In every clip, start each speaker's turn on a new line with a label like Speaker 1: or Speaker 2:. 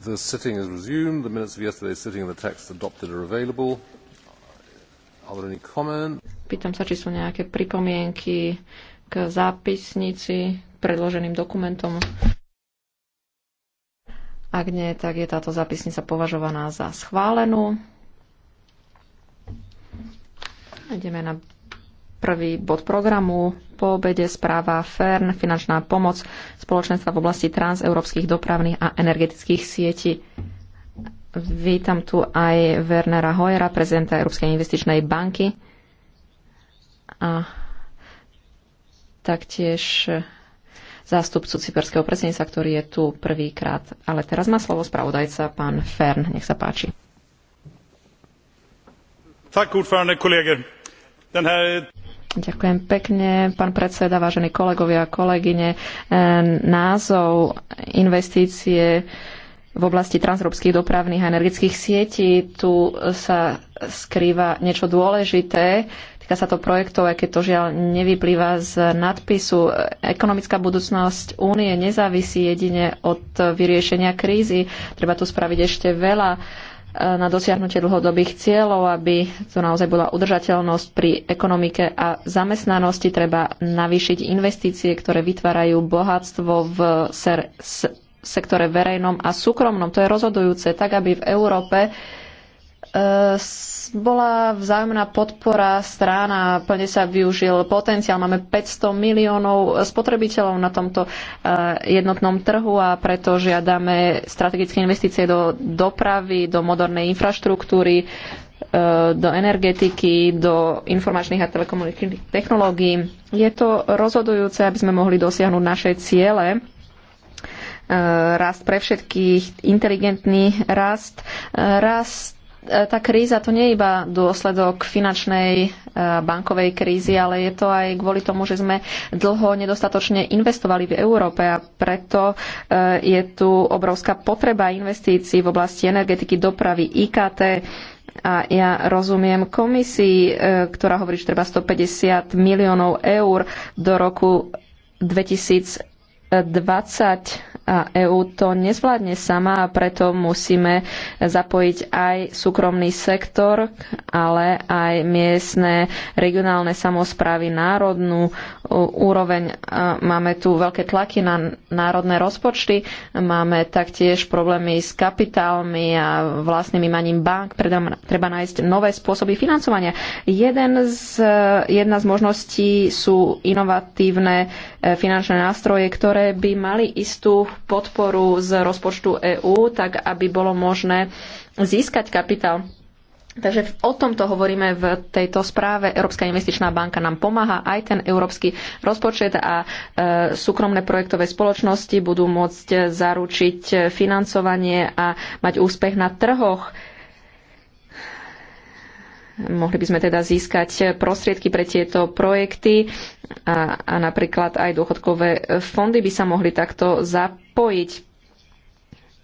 Speaker 1: The sitting is resumed. The minutes of yesterday's sitting and the text adopted are available.
Speaker 2: Are there any comments?
Speaker 3: Pýtam sa, či sú nejaké pripomienky k zápisnici predloženým dokumentom. Ak nie, tak je táto zápisnica považovaná za schválenú. Ideme na Prvý bod programu po obede správa FERN, finančná pomoc spoločenstva v oblasti transeurópskych dopravných a energetických sietí. Vítam tu aj Wernera Hojera, prezidenta Európskej investičnej banky a taktiež zástupcu cyperského predsedníctva, ktorý je tu prvýkrát. Ale teraz má slovo spravodajca pán Fern. Nech sa páči.
Speaker 4: Tak, ordförande, Den her...
Speaker 3: Ďakujem pekne, pán predseda, vážení kolegovia a kolegyne. E, názov investície v oblasti transeurópskych dopravných a energetických sietí. Tu sa skrýva niečo dôležité. Týka sa to projektov, aj keď to žiaľ nevyplýva z nadpisu. Ekonomická budúcnosť únie nezávisí jedine od vyriešenia krízy. Treba tu spraviť ešte veľa na dosiahnutie dlhodobých cieľov, aby to naozaj bola udržateľnosť pri ekonomike a zamestnanosti. Treba navýšiť investície, ktoré vytvárajú bohatstvo v ser, sektore verejnom a súkromnom. To je rozhodujúce, tak aby v Európe Eh, bola vzájomná podpora strana, plne sa využil potenciál. Máme 500 miliónov spotrebiteľov na tomto eh, jednotnom trhu a preto žiadame strategické investície do dopravy, do modernej infraštruktúry, eh, do energetiky, do informačných a telekomunikačných technológií. Je to rozhodujúce, aby sme mohli dosiahnuť naše ciele rast pre všetkých, inteligentný rast, rast E, tá kríza to nie je iba dôsledok finančnej e, bankovej krízy, ale je to aj kvôli tomu, že sme dlho nedostatočne investovali v Európe a preto e, je tu obrovská potreba investícií v oblasti energetiky, dopravy, IKT. A ja rozumiem komisii, ktorá hovorí, že treba 150 miliónov eur do roku 2020 a EÚ to nezvládne sama a preto musíme zapojiť aj súkromný sektor, ale aj miestne, regionálne samozprávy, národnú úroveň. Máme tu veľké tlaky na národné rozpočty, máme taktiež problémy s kapitálmi a vlastným imaním bank, treba nájsť nové spôsoby financovania. Jeden z, jedna z možností sú inovatívne E, finančné nástroje, ktoré by mali istú podporu z rozpočtu EÚ, tak aby bolo možné získať kapitál. Takže o tomto hovoríme v tejto správe. Európska investičná banka nám pomáha, aj ten európsky rozpočet a e, súkromné projektové spoločnosti budú môcť zaručiť financovanie a mať úspech na trhoch. E, Mohli by sme teda získať prostriedky pre tieto projekty a, a napríklad aj dôchodkové fondy by sa mohli takto zapojiť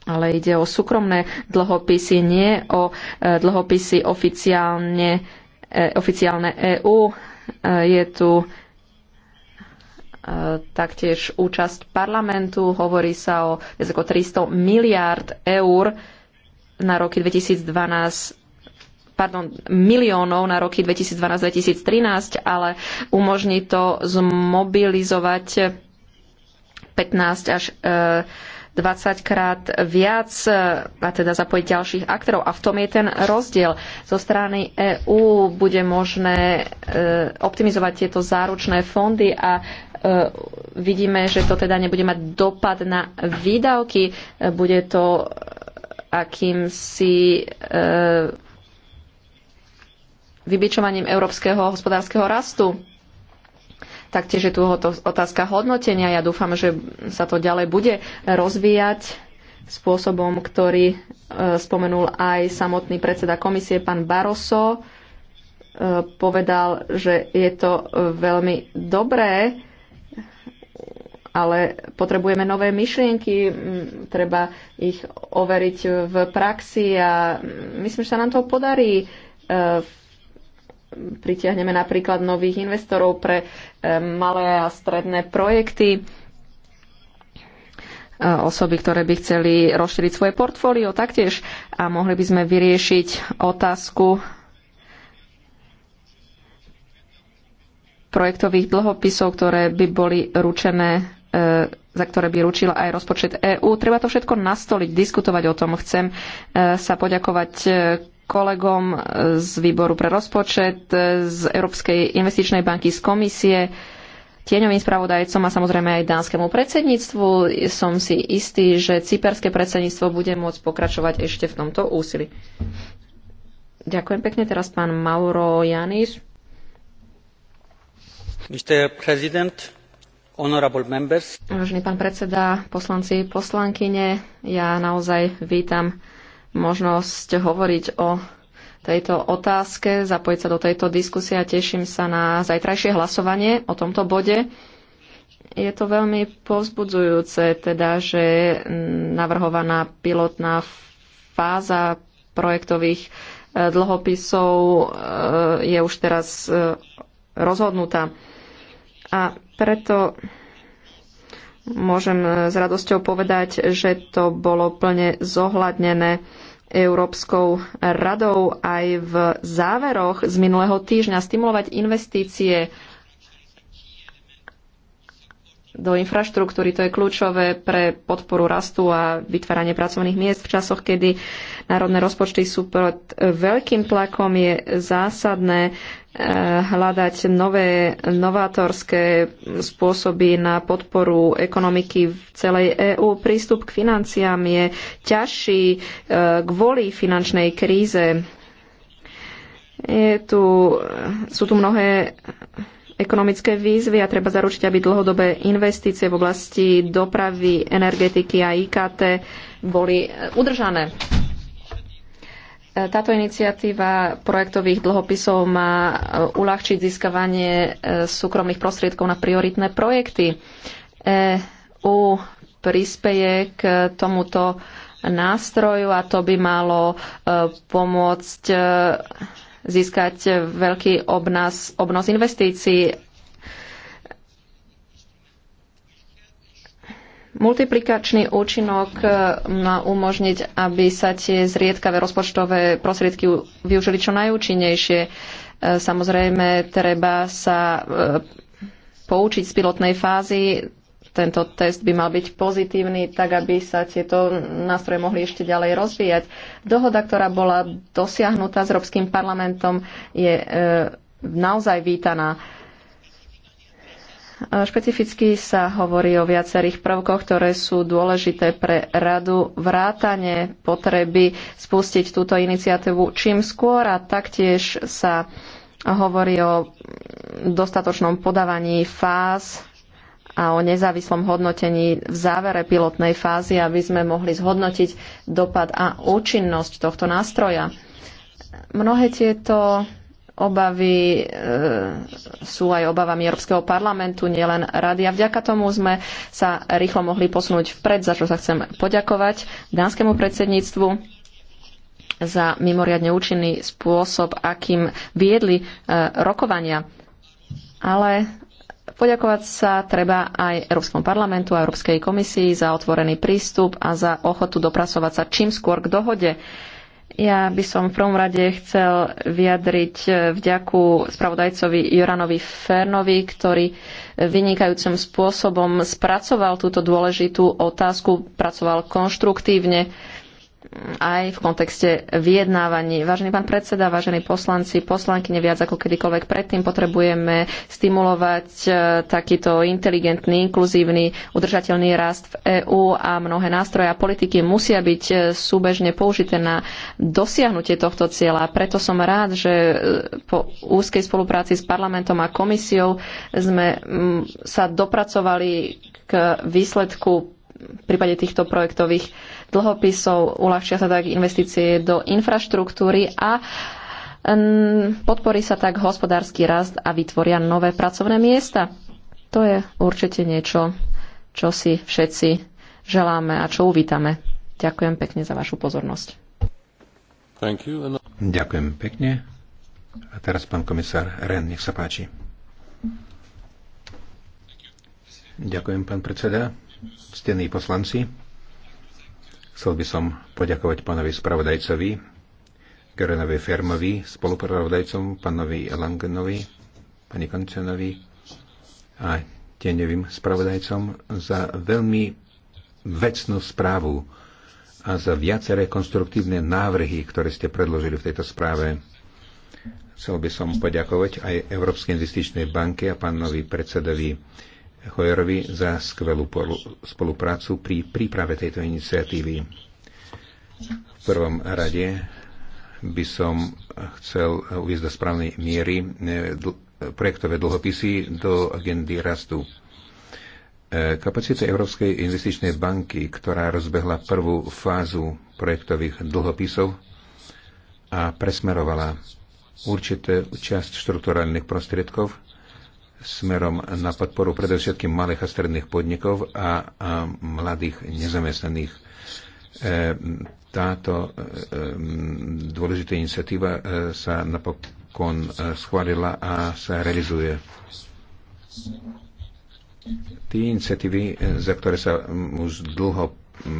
Speaker 3: ale ide o súkromné dlhopisy, nie o e, dlhopisy oficiálne, e, oficiálne EÚ. E, je tu taktiež účasť parlamentu, hovorí sa o viac ako 300 miliárd eur na roky 2012 pardon, miliónov na roky 2012-2013, ale umožní to zmobilizovať 15 až 20 e, krát viac e, a teda zapojiť ďalších aktorov. A v tom je ten rozdiel. Zo strany EÚ bude možné e, optimizovať tieto záručné fondy a vidíme, že to teda nebude mať dopad na výdavky. Bude to akýmsi vybičovaním európskeho hospodárskeho rastu. Taktiež je tu otázka hodnotenia. Ja dúfam, že sa to ďalej bude rozvíjať spôsobom, ktorý e, spomenul aj samotný predseda komisie, pán Barroso. E, povedal, že je to veľmi dobré, ale potrebujeme nové myšlienky, treba ich overiť v praxi a myslím, že sa nám to podarí e, v pritiahneme napríklad nových investorov pre e, malé a stredné projekty, e, osoby, ktoré by chceli rozšíriť svoje portfólio taktiež a mohli by sme vyriešiť otázku projektových dlhopisov, ktoré by boli ručené, e, za ktoré by ručila aj rozpočet EÚ. Treba to všetko nastoliť, diskutovať o tom. Chcem sa poďakovať kolegom z výboru pre rozpočet, z Európskej investičnej banky, z komisie, tieňovým spravodajcom a samozrejme aj dánskemu predsedníctvu. Som si istý, že cyperské predsedníctvo bude môcť pokračovať ešte v tomto úsilí. Ďakujem pekne teraz pán Mauro Janis.
Speaker 4: Mr.
Speaker 5: President, Vážený
Speaker 3: pán predseda, poslanci, poslankyne, ja naozaj vítam možnosť hovoriť o tejto otázke, zapojiť sa do tejto diskusie a teším sa na zajtrajšie hlasovanie o tomto bode. Je to veľmi povzbudzujúce, teda, že navrhovaná pilotná fáza projektových e, dlhopisov e, je už teraz e, rozhodnutá. A preto môžem s radosťou povedať, že to bolo plne zohľadnené Európskou radou aj v záveroch z minulého týždňa stimulovať investície do infraštruktúry. To je kľúčové pre podporu rastu a vytváranie pracovných miest v časoch, kedy národné rozpočty sú pod veľkým tlakom. Je zásadné eh, hľadať nové novátorské spôsoby na podporu ekonomiky v celej EÚ. Prístup k financiám je ťažší eh, kvôli finančnej kríze. Je tu, sú tu mnohé ekonomické výzvy a treba zaručiť, aby dlhodobé investície v oblasti dopravy, energetiky a IKT boli e, udržané. E, táto iniciatíva projektových dlhopisov má e, uľahčiť získavanie súkromných prostriedkov na prioritné projekty. EU prispeje k tomuto nástroju a to by malo pomôcť získať veľký obnos, obnos investícií. Multiplikačný účinok má umožniť, aby sa tie zriedkavé rozpočtové prostriedky využili čo najúčinnejšie. E, samozrejme, treba sa e, poučiť z pilotnej fázy tento test by mal byť pozitívny, tak aby sa tieto nástroje mohli ešte ďalej rozvíjať. Dohoda, ktorá bola dosiahnutá s Európskym parlamentom, je e, naozaj vítaná. E, špecificky sa hovorí o viacerých prvkoch, ktoré sú dôležité pre radu vrátane potreby spustiť túto iniciatívu čím skôr a taktiež sa hovorí o dostatočnom podávaní fáz a o nezávislom hodnotení v závere pilotnej fázy, aby sme mohli zhodnotiť dopad a účinnosť tohto nástroja. Mnohé tieto obavy e, sú aj obavami Európskeho parlamentu, nielen rady. A vďaka tomu sme sa rýchlo mohli posunúť vpred, za čo sa chcem poďakovať dánskemu predsedníctvu za mimoriadne účinný spôsob, akým viedli e, rokovania. Ale Poďakovať sa treba aj Európskom parlamentu a Európskej komisii za otvorený prístup a za ochotu dopracovať sa čím skôr k dohode. Ja by som v prvom rade chcel vyjadriť eh, vďaku spravodajcovi Joranovi Fernovi, ktorý eh, vynikajúcim spôsobom spracoval túto dôležitú otázku, pracoval konštruktívne aj v kontexte vyjednávaní. Vážený pán predseda, vážení poslanci, poslanky neviac ako kedykoľvek predtým potrebujeme stimulovať e, takýto inteligentný, inkluzívny, udržateľný rast v EÚ a mnohé nástroje a politiky musia byť e, súbežne použité na dosiahnutie tohto cieľa. Preto som rád, že e, po úzkej spolupráci s parlamentom a komisiou sme sa dopracovali k výsledku v prípade týchto projektových dlhopisov, uľahčia sa tak investície do infraštruktúry a podporí sa tak hospodársky rast a vytvoria nové pracovné miesta. To je určite niečo, čo si všetci želáme a čo uvítame. Ďakujem pekne za vašu pozornosť.
Speaker 2: you. Ďakujem pekne. A teraz pán komisár Ren, nech sa páči. Ďakujem, pán predseda, Stení poslanci. Chcel by som poďakovať pánovi spravodajcovi, Gerenovi Fermovi, spolupravodajcom, pánovi Langenovi, pani Koncenovi a tieňovým spravodajcom za veľmi vecnú správu a za viaceré konstruktívne návrhy, ktoré ste predložili v tejto správe. Chcel by som poďakovať aj Európskej investičnej banke a pánovi predsedovi Hojerovi za skvelú spoluprácu pri príprave tejto iniciatívy. V prvom rade by som chcel uvieť do správnej miery e, projektové dlhopisy do agendy rastu. E, Kapacita Európskej investičnej banky, ktorá rozbehla prvú fázu projektových dlhopisov a presmerovala určité časť štruktúrálnych prostriedkov smerom na podporu predovšetkým malých a stredných podnikov a, a mladých nezamestnaných. E, táto e, dôležitá iniciatíva e, sa napokon schválila a sa realizuje. Tie iniciatívy, za ktoré sa už dlho,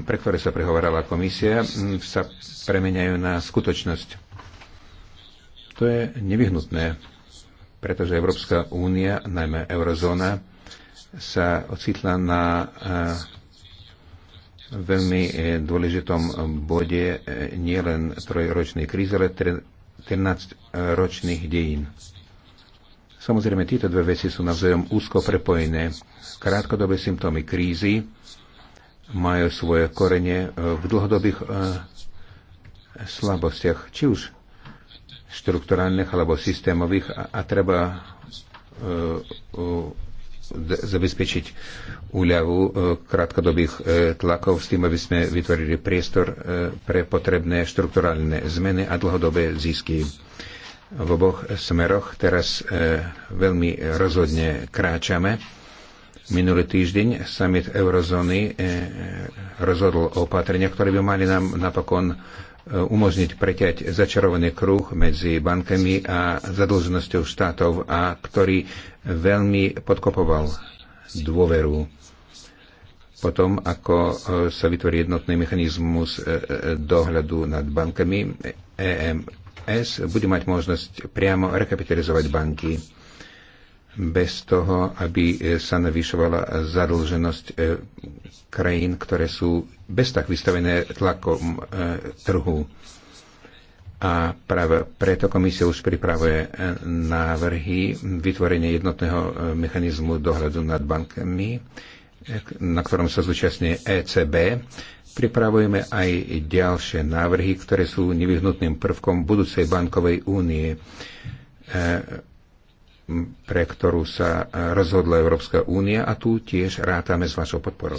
Speaker 2: pre ktoré sa prehovorala komisia, sa premeniajú na skutočnosť. To je nevyhnutné pretože Európska únia, najmä eurozóna, sa ocitla na eh, veľmi eh, dôležitom bode eh, nielen trojročnej krízy, ale 13-ročných dejín. Samozrejme, tieto dve veci sú navzájom úzko prepojené. Krátkodobé symptómy krízy majú svoje korene v dlhodobých slabostiach, či už štrukturálnych alebo systémových a, a treba e, zabezpečiť úľavu e, krátkodobých e, tlakov s tým, aby sme vytvorili priestor pre potrebné štrukturálne zmeny a dlhodobé zisky. V oboch smeroch teraz veľmi rozhodne kráčame. Minulý týždeň summit eurozóny rozhodol o opatrenia, ktoré by mali nám napokon umožniť preťať začarovaný kruh medzi bankami a zadlženosťou štátov a ktorý veľmi podkopoval dôveru. Potom, ako e, sa vytvorí jednotný mechanizmus e, e, dohľadu nad bankami, EMS bude mať možnosť priamo rekapitalizovať banky bez toho, aby sa navyšovala zadlženosť krajín, ktoré sú bez tak vystavené tlakom e, trhu. A práve preto komisia už pripravuje e, návrhy vytvorenia jednotného e, mechanizmu dohľadu nad bankami, e, na ktorom sa zúčastňuje ECB. Pripravujeme aj ďalšie návrhy, ktoré sú nevyhnutným prvkom budúcej bankovej únie, pre ktorú sa rozhodla Európska únia a tu tiež rátame s vašou podporou.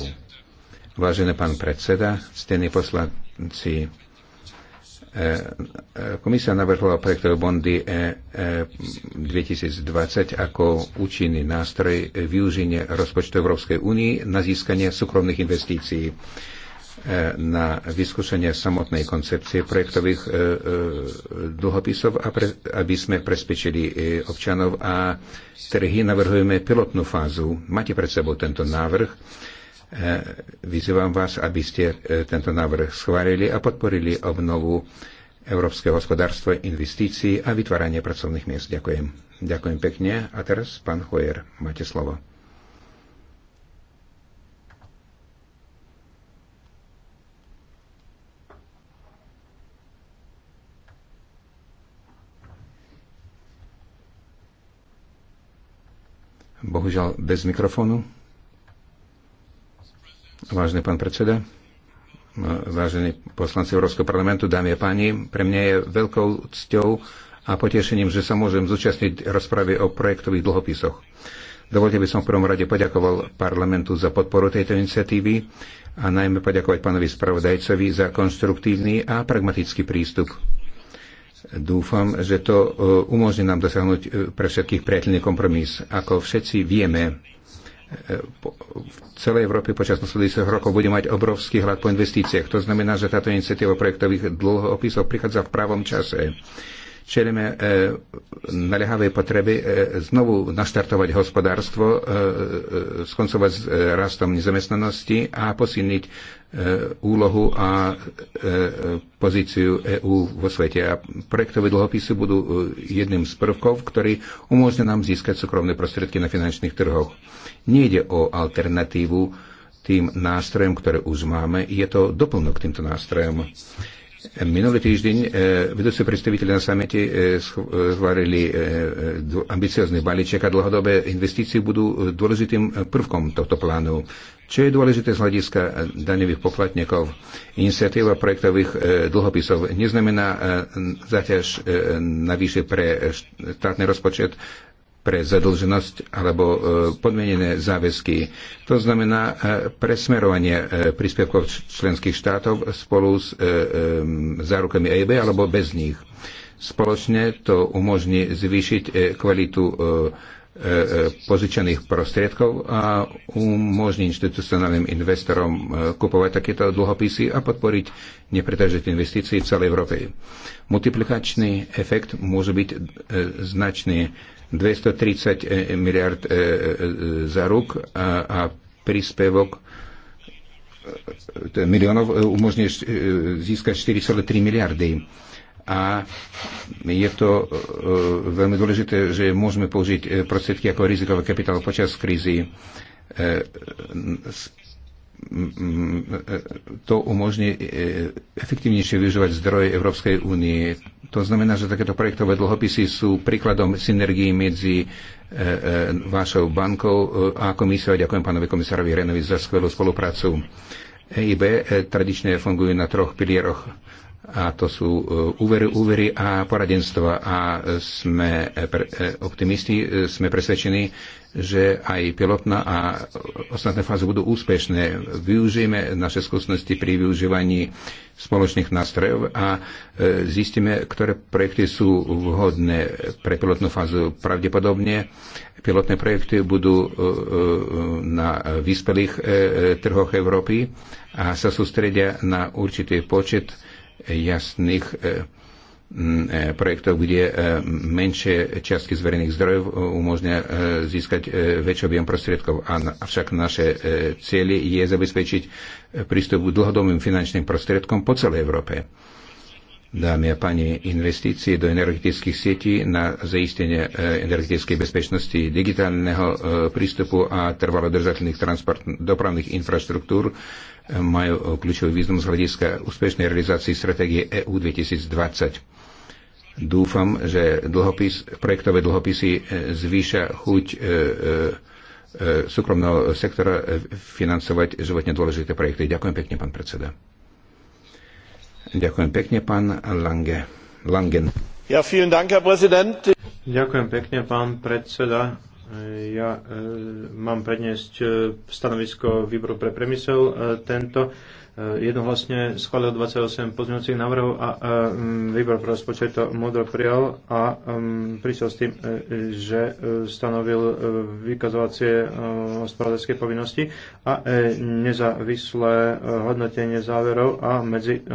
Speaker 2: Vážený pán predseda, stení poslanci, e, e, komisia navrhla projekt Bondy 2020 e, ako účinný nástroj využenia rozpočtu Európskej únie na získanie súkromných investícií na vyskúšanie samotnej koncepcie projektových dlhopisov, aby sme prespečili občanov a trhy navrhujeme pilotnú fázu. Máte pred sebou tento návrh E, vyzývam vás, aby ste e, tento návrh schválili a podporili obnovu európskeho hospodárstva, investícií a vytváranie pracovných miest. Ďakujem. Ďakujem pekne. A teraz pán Hojer, máte slovo. Bohužiaľ bez mikrofónu. Vážený pán predseda, vážení poslanci Európskeho parlamentu, dámy a páni, pre mňa je veľkou cťou a potešením, že sa môžem zúčastniť rozpravy o projektových dlhopisoch. Dovolte by som v prvom rade poďakoval parlamentu za podporu tejto iniciatívy a najmä poďakovať pánovi spravodajcovi za konstruktívny a pragmatický prístup. Dúfam, že to e, umožní nám dosiahnuť e, pre všetkých priateľný kompromis. Ako všetci vieme, v celej Európe počas nasledujúcich rokov bude mať obrovský hlad po investíciách. To znamená, že táto iniciatíva projektových dlhopisov prichádza v pravom čase. Čelíme e, naliehavej potreby e, znovu naštartovať hospodárstvo, e, e, skoncovať s e, rastom nezamestnanosti a posilniť e, úlohu a e, pozíciu EÚ vo svete. A projektové dlhopisy budú e, jedným z prvkov, ktorý umožňuje nám získať súkromné prostriedky na finančných trhoch. Nejde o alternatívu tým nástrojom, ktoré už máme. Je to doplnok týmto nástrojom. Minulý týždeň e, vedúci predstaviteľi na samete e, e, schválili ambiciozný balíček a dlhodobé investície budú dôležitým prvkom tohto plánu. Čo je dôležité z hľadiska daňových poplatníkov? Iniciatíva projektových dlhopisov neznamená zaťaž navýše pre štátny rozpočet pre zadlženosť alebo e, podmienené záväzky. To znamená e, presmerovanie e, príspevkov členských štátov spolu s zárukami EIB alebo bez nich. Spoločne to umožní zvýšiť kvalitu požičaných prostriedkov a umožní institucionálnym investorom kupovať takéto dlhopisy a podporiť nepretržité investície v celej Európe. Multiplikačný efekt môže byť značný 230 eh, miliard eh, eh, za rok a, a príspevok miliónov umožňuje získať 4,3 miliardy. A je to veľmi dôležité, že môžeme použiť prostriedky ako rizikový kapitál počas krízy. To umožní efektívnejšie využívať zdroje Európskej únie to znamená, že takéto projektové dlhopisy sú príkladom synergii medzi e, e, vašou bankou e, a komisiou. Ďakujem pánovi komisárovi Renovi za skvelú spoluprácu. EIB e, tradične fungujú na troch pilieroch a to sú e, úvery, úvery a poradenstva a sme optimisti, sme presvedčení, že aj pilotná a ostatné fázy budú úspešné. Využijeme naše skúsenosti pri využívaní spoločných nástrojov a e, zistíme, ktoré projekty sú vhodné pre pilotnú fázu. Pravdepodobne pilotné projekty budú e, e, na vyspelých trhoch Európy a sa sústredia na určitý počet jasných E, projektov, kde e, menšie čiastky z verejných zdrojov e, umožňa získať väčší objem prostriedkov. Avšak naše cieľ je zabezpečiť prístup k dlhodobým finančným prostriedkom po celej Európe. Dámy a páni, investície do energetických sietí na zaistenie energetickej bezpečnosti, digitálneho prístupu a trvalodržateľných dopravných infraštruktúr majú eh, kľúčový význam z hľadiska úspešnej realizácii stratégie EU 2020. Dúfam, že dlhopis, projektové dlhopisy eh, zvýšia chuť e, e, súkromného sektora financovať životne dôležité projekty. Ďakujem pekne, pán predseda. Ďakujem pekne, pán Lange. Langen.
Speaker 4: Ja, vielen Dank, Herr Präsident. Ďakujem pekne, pán predseda. Ja e, mám predniesť e, stanovisko výboru pre premysel. E, tento jednohlasne schválil 28 pozmeňujúcich návrhov a výbor pre rozpočet to modro prijal a prišiel s tým, že stanovil vykazovacie hospodárske povinnosti a nezávislé hodnotenie záverov a medzi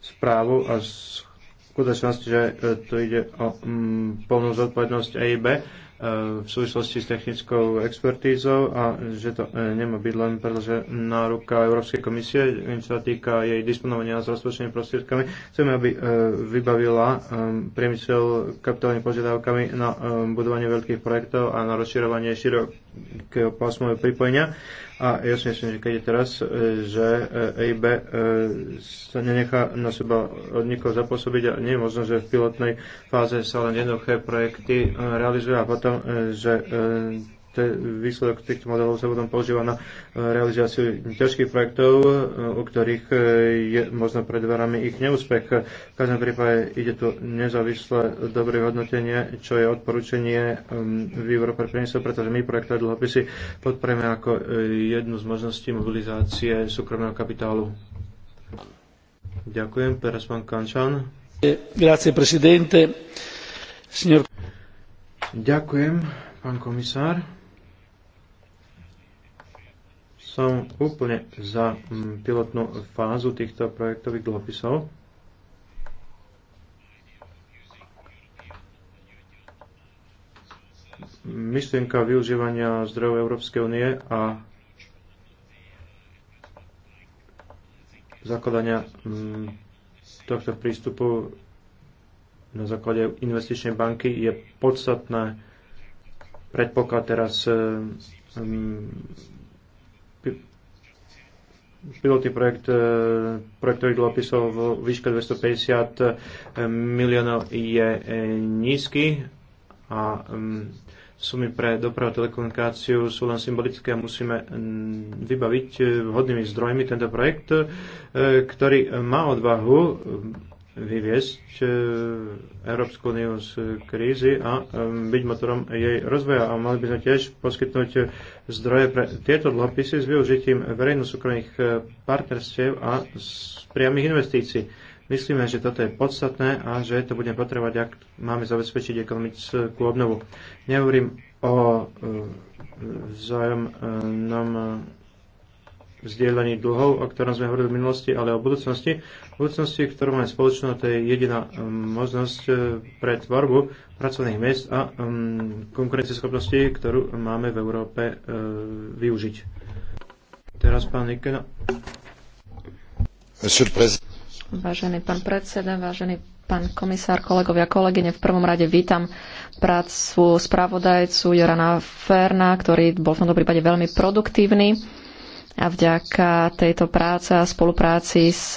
Speaker 4: správou a skutočnosť, že to ide o plnú zodpovednosť EIB v súvislosti s technickou expertízou a že to e, nemá byť len pretože náruka Európskej komisie, čo sa týka jej disponovania s rozpočtovými prostriedkami. Chceme, aby e, vybavila e, priemysel kapitálnymi požiadavkami na budovanie veľkých projektov a na rozširovanie širok k pásmové pripojenia. A ja si myslím, že keď je teraz, e, že EIB e, sa nenechá na seba od nikoho zapôsobiť a nie je možno, že v pilotnej fáze sa len jednoduché projekty e, realizujú a potom, že to je výsledok týchto modelov sa potom používa na eh, realizáciu ťažkých projektov, eh, u ktorých eh, je možno pred dverami ich neúspech. V každom prípade ide tu nezávislé dobré hodnotenie, čo je odporúčanie ehm, výboru pre priemysel, pretože my projektové a dlhopisy podporujeme ako jednu z možností mobilizácie súkromného kapitálu. Ďakujem. Teraz pán Kančan. Grazie, presidente. Signor... Ďakujem, pán komisár som úplne za mm, pilotnú fázu týchto projektových dlhopisov. Myšlienka využívania zdrojov Európskej únie a zakladania mm, tohto prístupu na základe investičnej banky je podstatné predpoklad teraz mm, pilotný projekt e, projektových dlhopisov v výške 250 e, miliónov je e, nízky a sumy pre dopravu a telekomunikáciu sú len symbolické a musíme vybaviť vhodnými zdrojmi tento projekt, ktorý má odvahu vyviesť e, Európsku úniu z krízy a byť motorom jej rozvoja. A mali by sme tiež poskytnúť zdroje pre tieto dlhopisy s využitím verejno-súkromných e, partnerstiev a priamých investícií. Myslíme, že toto je podstatné a že to budeme potrebovať, ak máme zabezpečiť ekonomickú obnovu. Nehovorím o e, vzájomnom vzdielaní dlhov, o ktorom sme hovorili v minulosti, ale o budúcnosti. V budúcnosti, ktorú máme spoločnú, to je jediná um, možnosť uh, pre tvorbu pracovných miest a um, konkurencieschopnosti, ktorú máme v Európe uh, využiť. Teraz pán Nikena.
Speaker 3: Vážený pán predseda, vážený pán komisár, kolegovia, kolegyne, v prvom rade vítam prácu spravodajcu Jorana Ferna, ktorý bol v tomto prípade veľmi produktívny a vďaka tejto práce a spolupráci s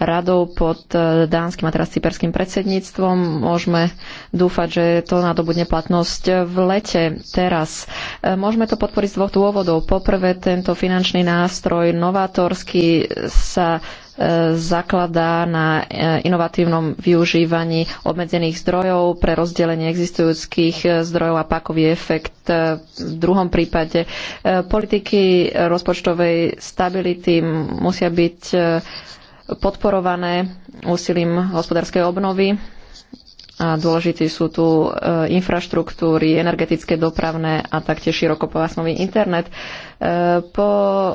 Speaker 3: radou pod eh, dánskym a teraz cyperským predsedníctvom môžeme dúfať, že to nadobudne platnosť v lete teraz. Eh, môžeme to podporiť z dvoch dôvodov. Poprvé, tento finančný nástroj novátorský sa E, zakladá na e, inovatívnom využívaní obmedzených zdrojov pre rozdelenie existujúcich e, zdrojov a pakový efekt v druhom prípade. Politiky rozpočtovej stability musia byť podporované úsilím hospodárskej obnovy a dôležití sú tu e, infraštruktúry, energetické, dopravné a taktiež širokopásmový internet. E, po e,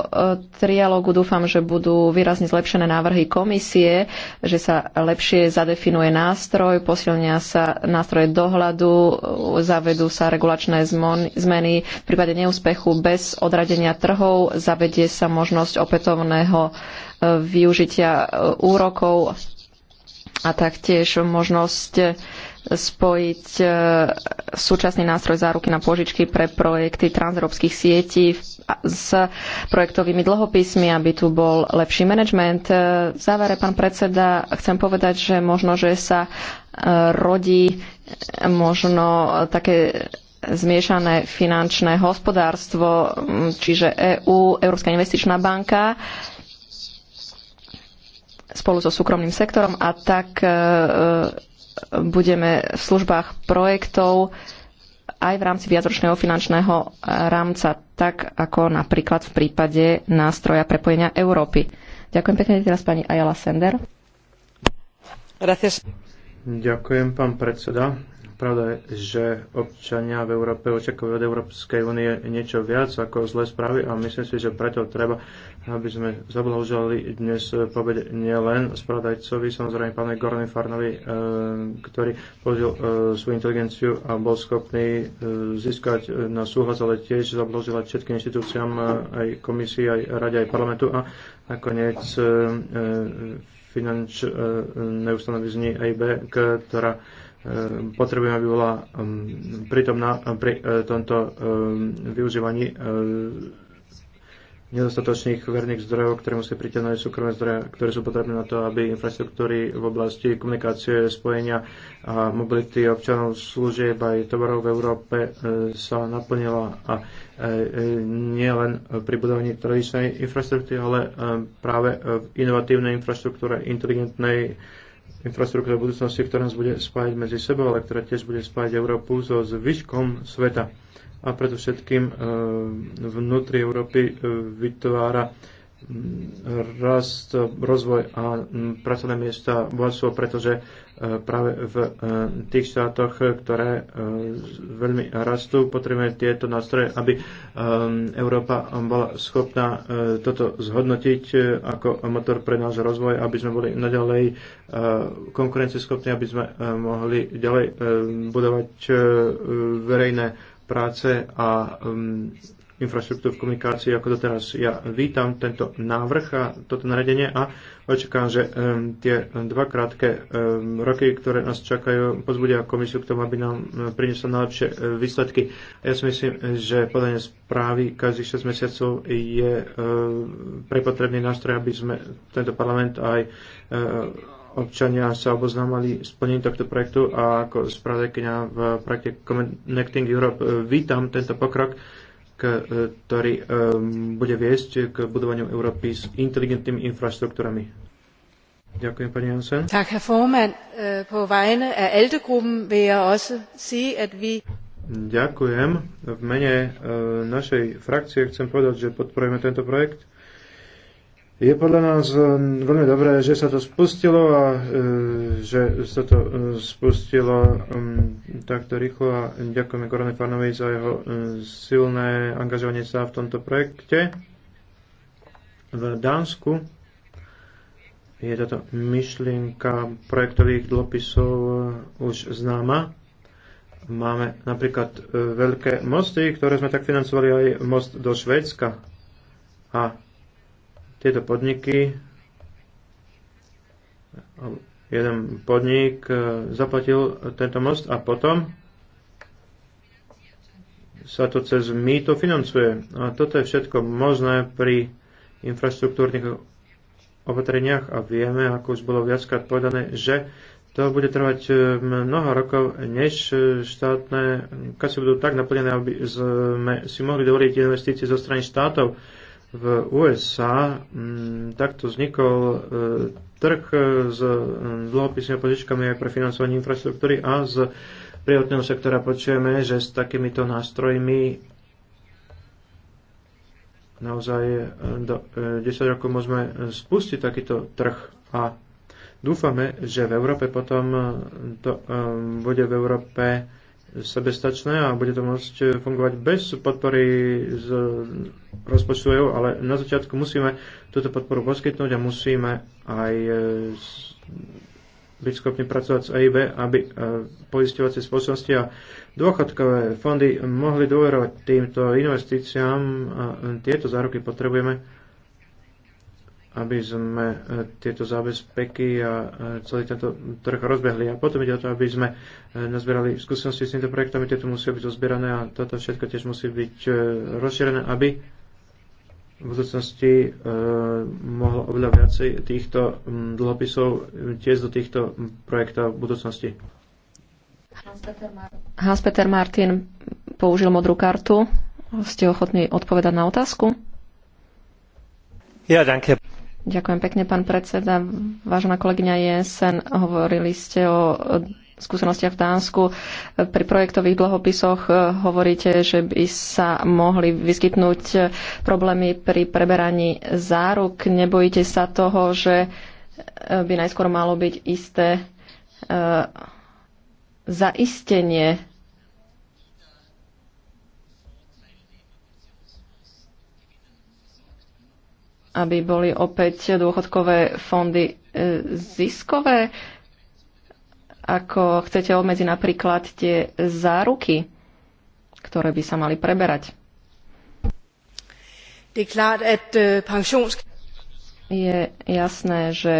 Speaker 3: trialógu dúfam, že budú výrazne zlepšené návrhy komisie, že sa lepšie zadefinuje nástroj, posilnia sa nástroje dohľadu, zavedú sa regulačné zmeny. V prípade neúspechu bez odradenia trhov zavedie sa možnosť opätovného využitia úrokov a taktiež možnosť spojiť e, súčasný nástroj záruky na požičky pre projekty transeurópskych sietí s projektovými dlhopismi, aby tu bol lepší manažment. E, v závere, pán predseda, chcem povedať, že možno, že sa e, rodí možno také zmiešané finančné hospodárstvo, čiže EÚ, EU, Európska investičná banka, spolu so súkromným sektorom a tak e, e, budeme v službách projektov aj v rámci viacročného finančného e, rámca, tak ako napríklad v prípade nástroja prepojenia Európy. Ďakujem pekne teraz pani Ayala Sender.
Speaker 4: Gracias. Ďakujem, pán predseda. Pravda je, že občania v Európe očakujú od Európskej únie niečo viac ako zlé správy a myslím si, že preto treba aby sme zablahožali dnes povede nielen spravodajcovi, samozrejme pánovi Gorny Farnovi, eh, ktorý použil eh, svoju inteligenciu a bol schopný eh, získať na súhlas, ale tiež zablahožila všetkým inštitúciám, aj komisii, aj rade, aj parlamentu a nakoniec e, finančné ustanovizní EIB, ktorá potrebujeme, aby bola mm, prítomná pri tomto využívaní nedostatočných verných zdrojov, ktoré musí priťahnuť súkromné zdroje, ktoré sú potrebné na to, aby infraštruktúry v oblasti komunikácie, spojenia a mobility občanov, služieb aj tovarov v Európe e, sa naplnila a e, e, nie len pri budovaní tradičnej infraštruktúry, ale práve v inovatívnej infraštruktúre, inteligentnej infraštruktúre budúcnosti, ktorá nás bude spájať medzi sebou, ale ktorá tiež bude spájať Európu so zvyškom sveta a predovšetkým e, vnútri Európy e, vytvára mm, rast, rozvoj a mm, pracovné miesta bohatstvo, pretože e, práve v tých štátoch, ktoré veľmi rastú, potrebujeme tieto nástroje, aby Európa bola schopná toto zhodnotiť ako motor pre náš rozvoj, aby sme boli naďalej konkurencieschopní, aby sme mohli ďalej budovať verejné práce a um, infraštruktúr v komunikácii ako doteraz. Ja vítam tento návrh a toto naredenie a očakám, že um, tie dva krátke um, roky, ktoré nás čakajú, pozbudia komisiu k tomu, aby nám um, priniesla najlepšie uh, výsledky. Ja si myslím, že podanie správy každých 6 mesiacov je uh, prepotrebný nástroj, aby sme tento parlament aj uh, občania sa oboznámali s plnením tohto projektu a ako spravodajkyňa v projekte Connecting Europe e, vítam tento pokrok, e, ktorý e, bude viesť k budovaniu Európy s inteligentnými infraštruktúrami. Ďakujem, pani Jensen. Tak,
Speaker 5: herr formand. po vegne a alde vil jeg også sige, at vi...
Speaker 4: Ďakujem. V mene našej frakcie chcem povedať, že podporujeme tento projekt je podľa nás eh, veľmi dobré, že sa to spustilo a eh, že sa to eh, spustilo mm, takto rýchlo a ďakujeme Korone Fanovi za jeho silné angažovanie sa v tomto projekte. V Dánsku je táto myšlienka projektových dlhopisov už známa. Máme napríklad veľké mosty, ktoré sme tak financovali aj most do Švédska. A tieto podniky, jeden podnik e, zaplatil tento most a potom sa to cez mýto financuje. A toto je všetko možné pri infraštruktúrnych opatreniach a vieme, ako už bolo viackrát povedané, že to bude trvať e, mnoho rokov, než e, štátne kasy budú tak naplnené, aby sme si mohli dovoliť investície zo strany štátov v USA mm, takto vznikol e, trh e, s e, dlhopisnými požičkami aj pre financovanie infraštruktúry a z prírodného sektora počujeme, že s takýmito nástrojmi naozaj do 10 rokov môžeme spustiť takýto trh a dúfame, že v Európe potom to bude v Európe sebestačné a bude to môcť e, fungovať bez podpory z rozpočtu EU, ale na začiatku musíme túto podporu poskytnúť a musíme aj e, byť schopní pracovať s EIB, aby e, poistovacie spoločnosti a dôchodkové fondy mohli dôverovať týmto investíciám a tieto záruky potrebujeme aby sme e, tieto zábezpeky a e, celý tento trh rozbehli. A potom ide o to, aby sme e, nazbierali skúsenosti s týmto projektom, tieto musia byť zozbierané a toto všetko tiež musí byť rozšírené, aby v budúcnosti mohlo oveľa viacej týchto dlhopisov tiež do týchto projektov v budúcnosti.
Speaker 3: Hans-Peter Martin použil modrú kartu. Ste ochotní odpovedať na otázku? Ja, danke. Ďakujem pekne, pán predseda. Vážená kolegyňa Jensen, hovorili ste o skúsenostiach v Dánsku. Pri projektových dlhopisoch eh, hovoríte, že by sa mohli vyskytnúť eh, problémy pri preberaní záruk. Nebojíte sa toho, že eh, by najskôr malo byť isté zaistenie aby boli opäť dôchodkové fondy e, ziskové, ako chcete obmedziť napríklad tie záruky, ktoré by sa mali preberať.
Speaker 6: Er øh,
Speaker 3: je jasné, že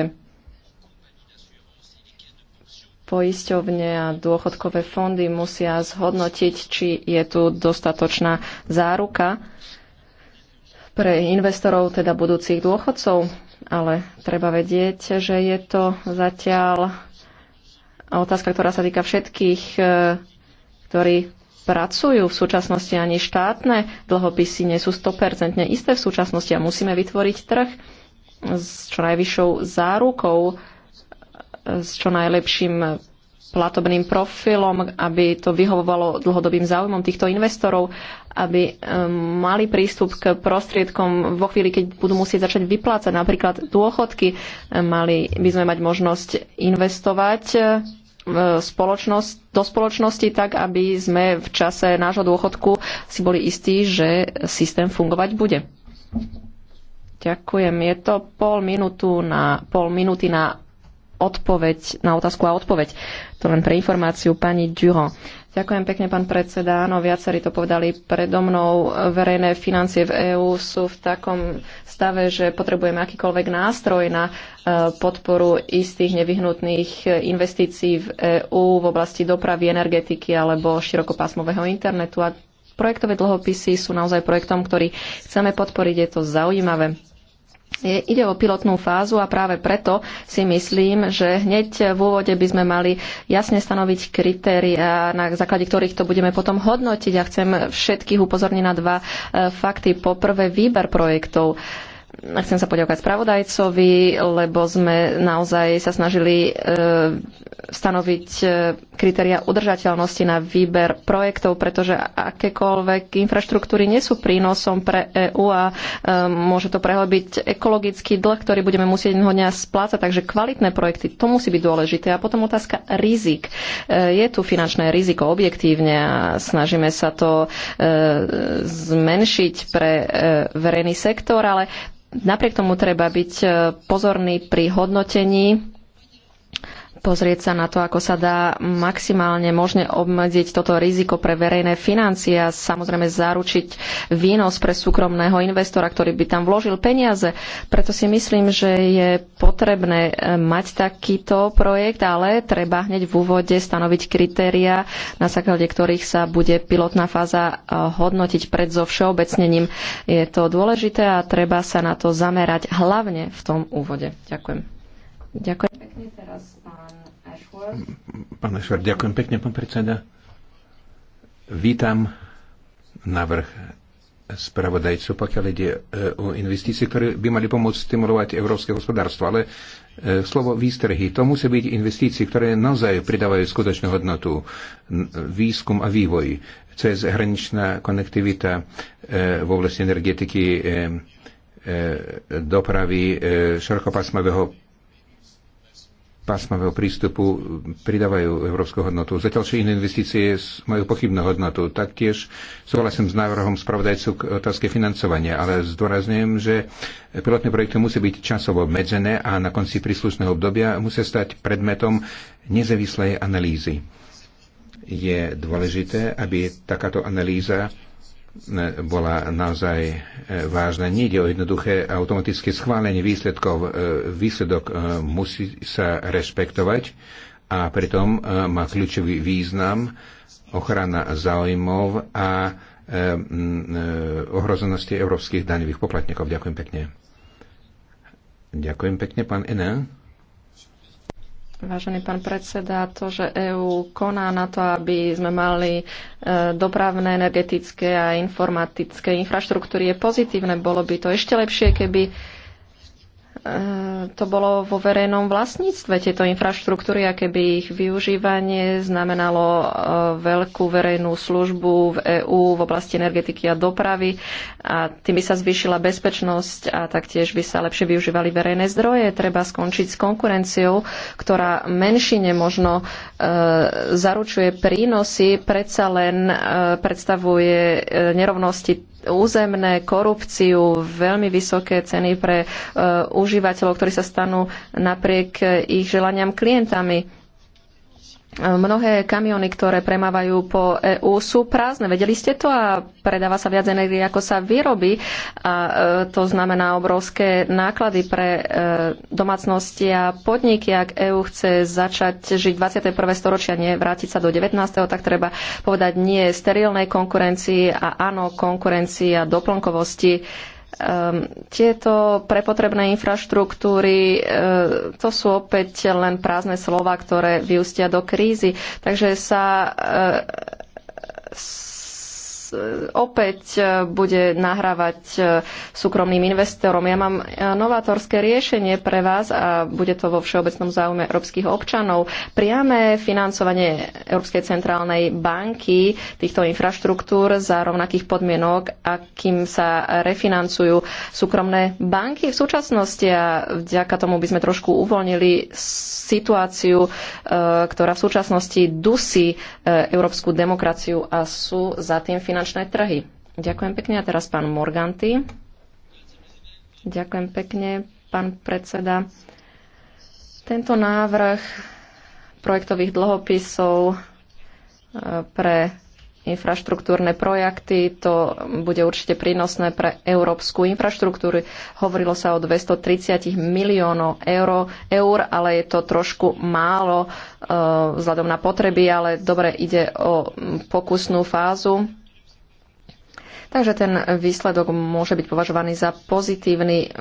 Speaker 3: poisťovne a dôchodkové fondy musia zhodnotiť, či je tu dostatočná záruka pre investorov, teda budúcich dôchodcov, ale treba vedieť, že je to zatiaľ otázka, ktorá sa týka všetkých, e, ktorí pracujú v súčasnosti ani štátne dlhopisy nie sú 100% isté v súčasnosti a musíme vytvoriť trh s čo najvyššou zárukou, e, s čo najlepším platobným profilom, aby to vyhovovalo dlhodobým záujmom týchto investorov, aby eh, mali prístup k prostriedkom vo chvíli, keď budú musieť začať vyplácať napríklad dôchodky. Eh, mali by sme mať možnosť investovať eh, spoločnosť, do spoločnosti tak, aby sme v čase nášho dôchodku si boli istí, že systém fungovať bude. Ďakujem. Je to pol, minútu na, pol minúty na odpoveď, na otázku a odpoveď. To len pre informáciu pani Duro. Ďakujem pekne, pán predseda. Áno, viacerí to povedali predo mnou. Verejné financie v EÚ sú v takom stave, že potrebujeme akýkoľvek nástroj na e, podporu istých nevyhnutných investícií v EÚ v oblasti dopravy, energetiky alebo širokopásmového internetu. A projektové dlhopisy sú naozaj projektom, ktorý chceme podporiť. Je to zaujímavé Ide o pilotnú fázu a práve preto si myslím, že hneď v úvode by sme mali jasne stanoviť kritéria, na základe ktorých to budeme potom hodnotiť. A ja chcem všetkých upozorniť na dva e, fakty. Poprvé, výber projektov chcem sa poďakovať spravodajcovi, lebo sme naozaj sa snažili e, stanoviť e, kritéria udržateľnosti na výber projektov, pretože akékoľvek infraštruktúry nie sú prínosom pre EÚ a e, môže to prehlbiť ekologický dlh, ktorý budeme musieť ho dňa splácať. Takže kvalitné projekty, to musí byť dôležité. A potom otázka rizik. E, je tu finančné riziko objektívne a snažíme sa to zmenšiť pre verejný sektor, ale napriek tomu treba byť pozorný pri hodnotení pozrieť sa na to, ako sa dá maximálne možne obmedziť toto riziko pre verejné financie a samozrejme zaručiť výnos pre súkromného investora, ktorý by tam vložil peniaze. Preto si myslím, že je potrebné eh, mať takýto projekt, ale treba hneď v úvode stanoviť kritéria, na základe ktorých sa bude pilotná fáza eh, hodnotiť pred zo všeobecnením. Je to dôležité a treba sa na to zamerať hlavne v tom úvode. Ďakujem. Ďakujem pekne teraz pán Ashworth.
Speaker 2: Pán Ashworth, ďakujem pekne, pán predseda. Vítam navrh spravodajcu, pokiaľ ide e, o investície, ktoré by mali pomôcť stimulovať európske hospodárstvo. Ale e, slovo výstrehy, to musí byť investície, ktoré naozaj pridávajú skutočnú hodnotu. Výskum a vývoj, cez hraničná konektivita e, v oblasti energetiky, dopravy, širokopásmového pásmového prístupu pridávajú európsku hodnotu. Zatiaľ, čo iné investície majú pochybnú hodnotu. Taktiež súhlasím s návrhom spravodajcu k otázke financovania, ale zdôrazňujem, že pilotné projekty musí byť časovo obmedzené a na konci príslušného obdobia musia stať predmetom nezávislej analýzy. Je dôležité, aby takáto analýza bola naozaj e, vážna. Nejde o jednoduché automatické schválenie výsledkov. E, výsledok e, musí sa rešpektovať a pritom má kľúčový význam ochrana záujmov a ohrozenosti európskych daňových poplatníkov. Ďakujem pekne. Ďakujem pekne, pán Enen.
Speaker 3: Vážený pán predseda, to, že EÚ koná na to, aby sme mali e, dopravné, energetické a informatické infraštruktúry, je pozitívne. Bolo by to ešte lepšie, keby Eh, to bolo vo verejnom vlastníctve tieto infraštruktúry a keby ich využívanie znamenalo eh, veľkú verejnú službu v EÚ v oblasti energetiky a dopravy a tým by sa zvýšila bezpečnosť a taktiež by sa lepšie využívali verejné zdroje. Treba skončiť s konkurenciou, ktorá menšine možno eh, zaručuje prínosy, predsa len predstavuje nerovnosti územné, korupciu, veľmi vysoké ceny pre e, užívateľov, ktorí sa stanú napriek e, ich želaniam klientami Mnohé kamiony, ktoré premávajú po EÚ, sú prázdne. Vedeli ste to a predáva sa viac energie, ako sa vyrobí. A e, to znamená obrovské náklady pre e, domácnosti a podniky. Ak EÚ chce začať žiť 21. storočia, nie vrátiť sa do 19., tak treba povedať nie sterilnej konkurencii a áno konkurencii a doplnkovosti Ehm, tieto prepotrebné infraštruktúry, ehm, to sú opäť len prázdne slova, ktoré vyústia do krízy. Takže sa ehm, opäť eh, bude nahrávať eh, súkromným investorom. Ja mám eh, novátorské riešenie pre vás a bude to vo všeobecnom záujme európskych občanov. Priame financovanie Európskej centrálnej banky týchto infraštruktúr za rovnakých podmienok, akým sa refinancujú súkromné banky v súčasnosti a vďaka tomu by sme trošku uvoľnili situáciu, ktorá v súčasnosti dusí európsku demokraciu a sú za tým finančným finančné trhy. Ďakujem pekne a teraz pán Morganti. Ďakujem pekne, pán predseda. Tento návrh projektových dlhopisov e, pre infraštruktúrne projekty. To bude určite prínosné pre európsku infraštruktúru. Hovorilo sa o 230 miliónov euro, eur, ale je to trošku málo uh, vzhľadom na potreby, ale dobre ide o pokusnú fázu. Takže ten výsledok môže byť považovaný za pozitívny.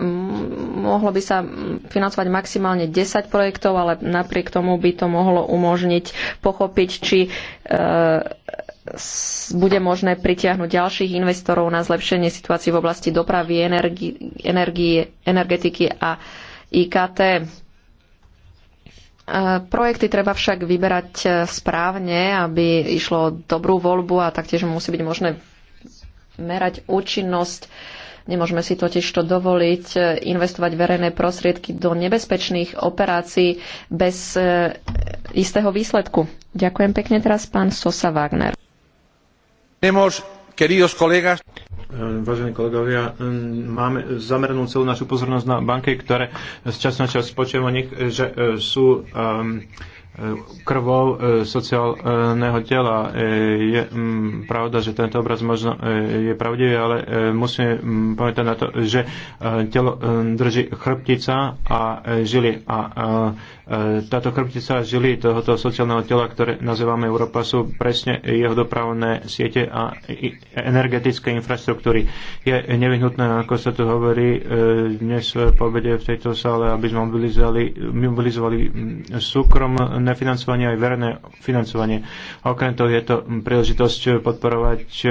Speaker 3: Mohlo by sa financovať maximálne 10 projektov, ale napriek tomu by to mohlo umožniť pochopiť, či e, bude možné pritiahnuť ďalších investorov na zlepšenie situácií v oblasti dopravy, energi- energie, energetiky a IKT. E, projekty treba však vyberať e, správne, aby išlo dobrú voľbu a taktiež musí byť možné merať účinnosť. Nemôžeme si totiž to dovoliť eh, investovať verejné prostriedky do nebezpečných operácií bez eh, istého výsledku. Ďakujem pekne teraz pán Sosa Wagner.
Speaker 4: queridos eh, Vážení kolegovia, máme zameranú celú našu pozornosť na banky, ktoré z času na čas počujem o nich, že sú um, krvou e, sociálneho tela. E, je pravda, že tento obraz možno e, je pravdivý, ale musíme pamätať na to, že telo drží chrbtica a žily a E, táto krptica žily tohoto sociálneho tela, ktoré nazývame Európa, sú presne jeho dopravné siete a energetické infraštruktúry. Je nevyhnutné, ako sa tu hovorí e, dnes v obede v tejto sále, aby sme mobilizovali, mobilizovali mm, súkromné financovanie aj verejné financovanie. A okrem toho je to príležitosť podporovať e,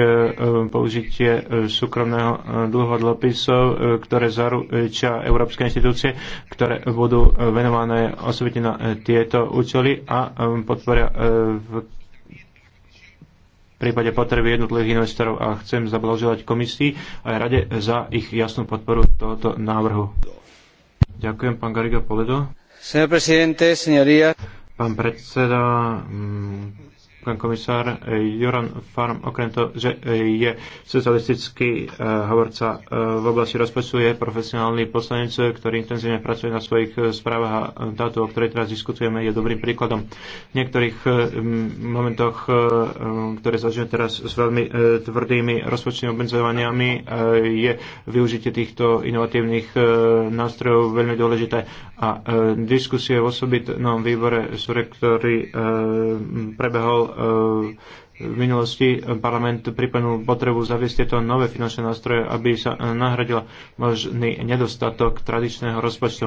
Speaker 4: použitie súkromného dlhodlopisov, ktoré zaručia európske inštitúcie, ktoré budú venované osobi pôsobiť na e, tieto účely a e, podporia e, v prípade potreby jednotlivých investorov a chcem zablažovať komisii a rade za ich jasnú podporu tohoto návrhu. Ďakujem, pán Gariga Poledo. Pán predseda, mm, pán komisár eh, Joran Farm, okrem toho, že eh, je socialistický eh, hovorca v oblasti rozpočtu, je profesionálny poslanec, ktorý intenzívne pracuje na svojich správach a táto, o ktorej teraz diskutujeme, je dobrým príkladom. V niektorých momentoch, ktoré zažijeme teraz s veľmi tvrdými rozpočtými obmedzovaniami, je využitie týchto inovatívnych nástrojov veľmi dôležité a diskusie v osobitnom výbore, ktorý prebehol E, v minulosti parlament pripomenul potrebu zaviesť tieto nové finančné nástroje, aby sa nahradil možný nedostatok tradičného rozpočtu.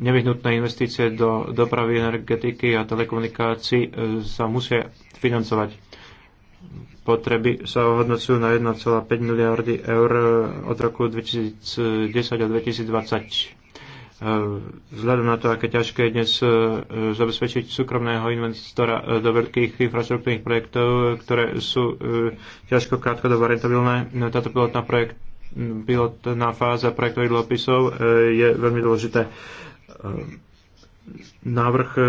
Speaker 4: Nevyhnutné investície do dopravy, energetiky a telekomunikácií e, sa musia financovať. Potreby sa ohodnocujú na 1,5 miliardy eur od roku 2010 a 2020 vzhľadom na to, aké ťažké je dnes e, zabezpečiť súkromného investora e, do veľkých infraštruktúrnych projektov, e, ktoré sú ťažko krátkodobo rentabilné. No táto pilotná, projekt, pilotná fáza projektových dlhopisov je veľmi dôležité návrh e,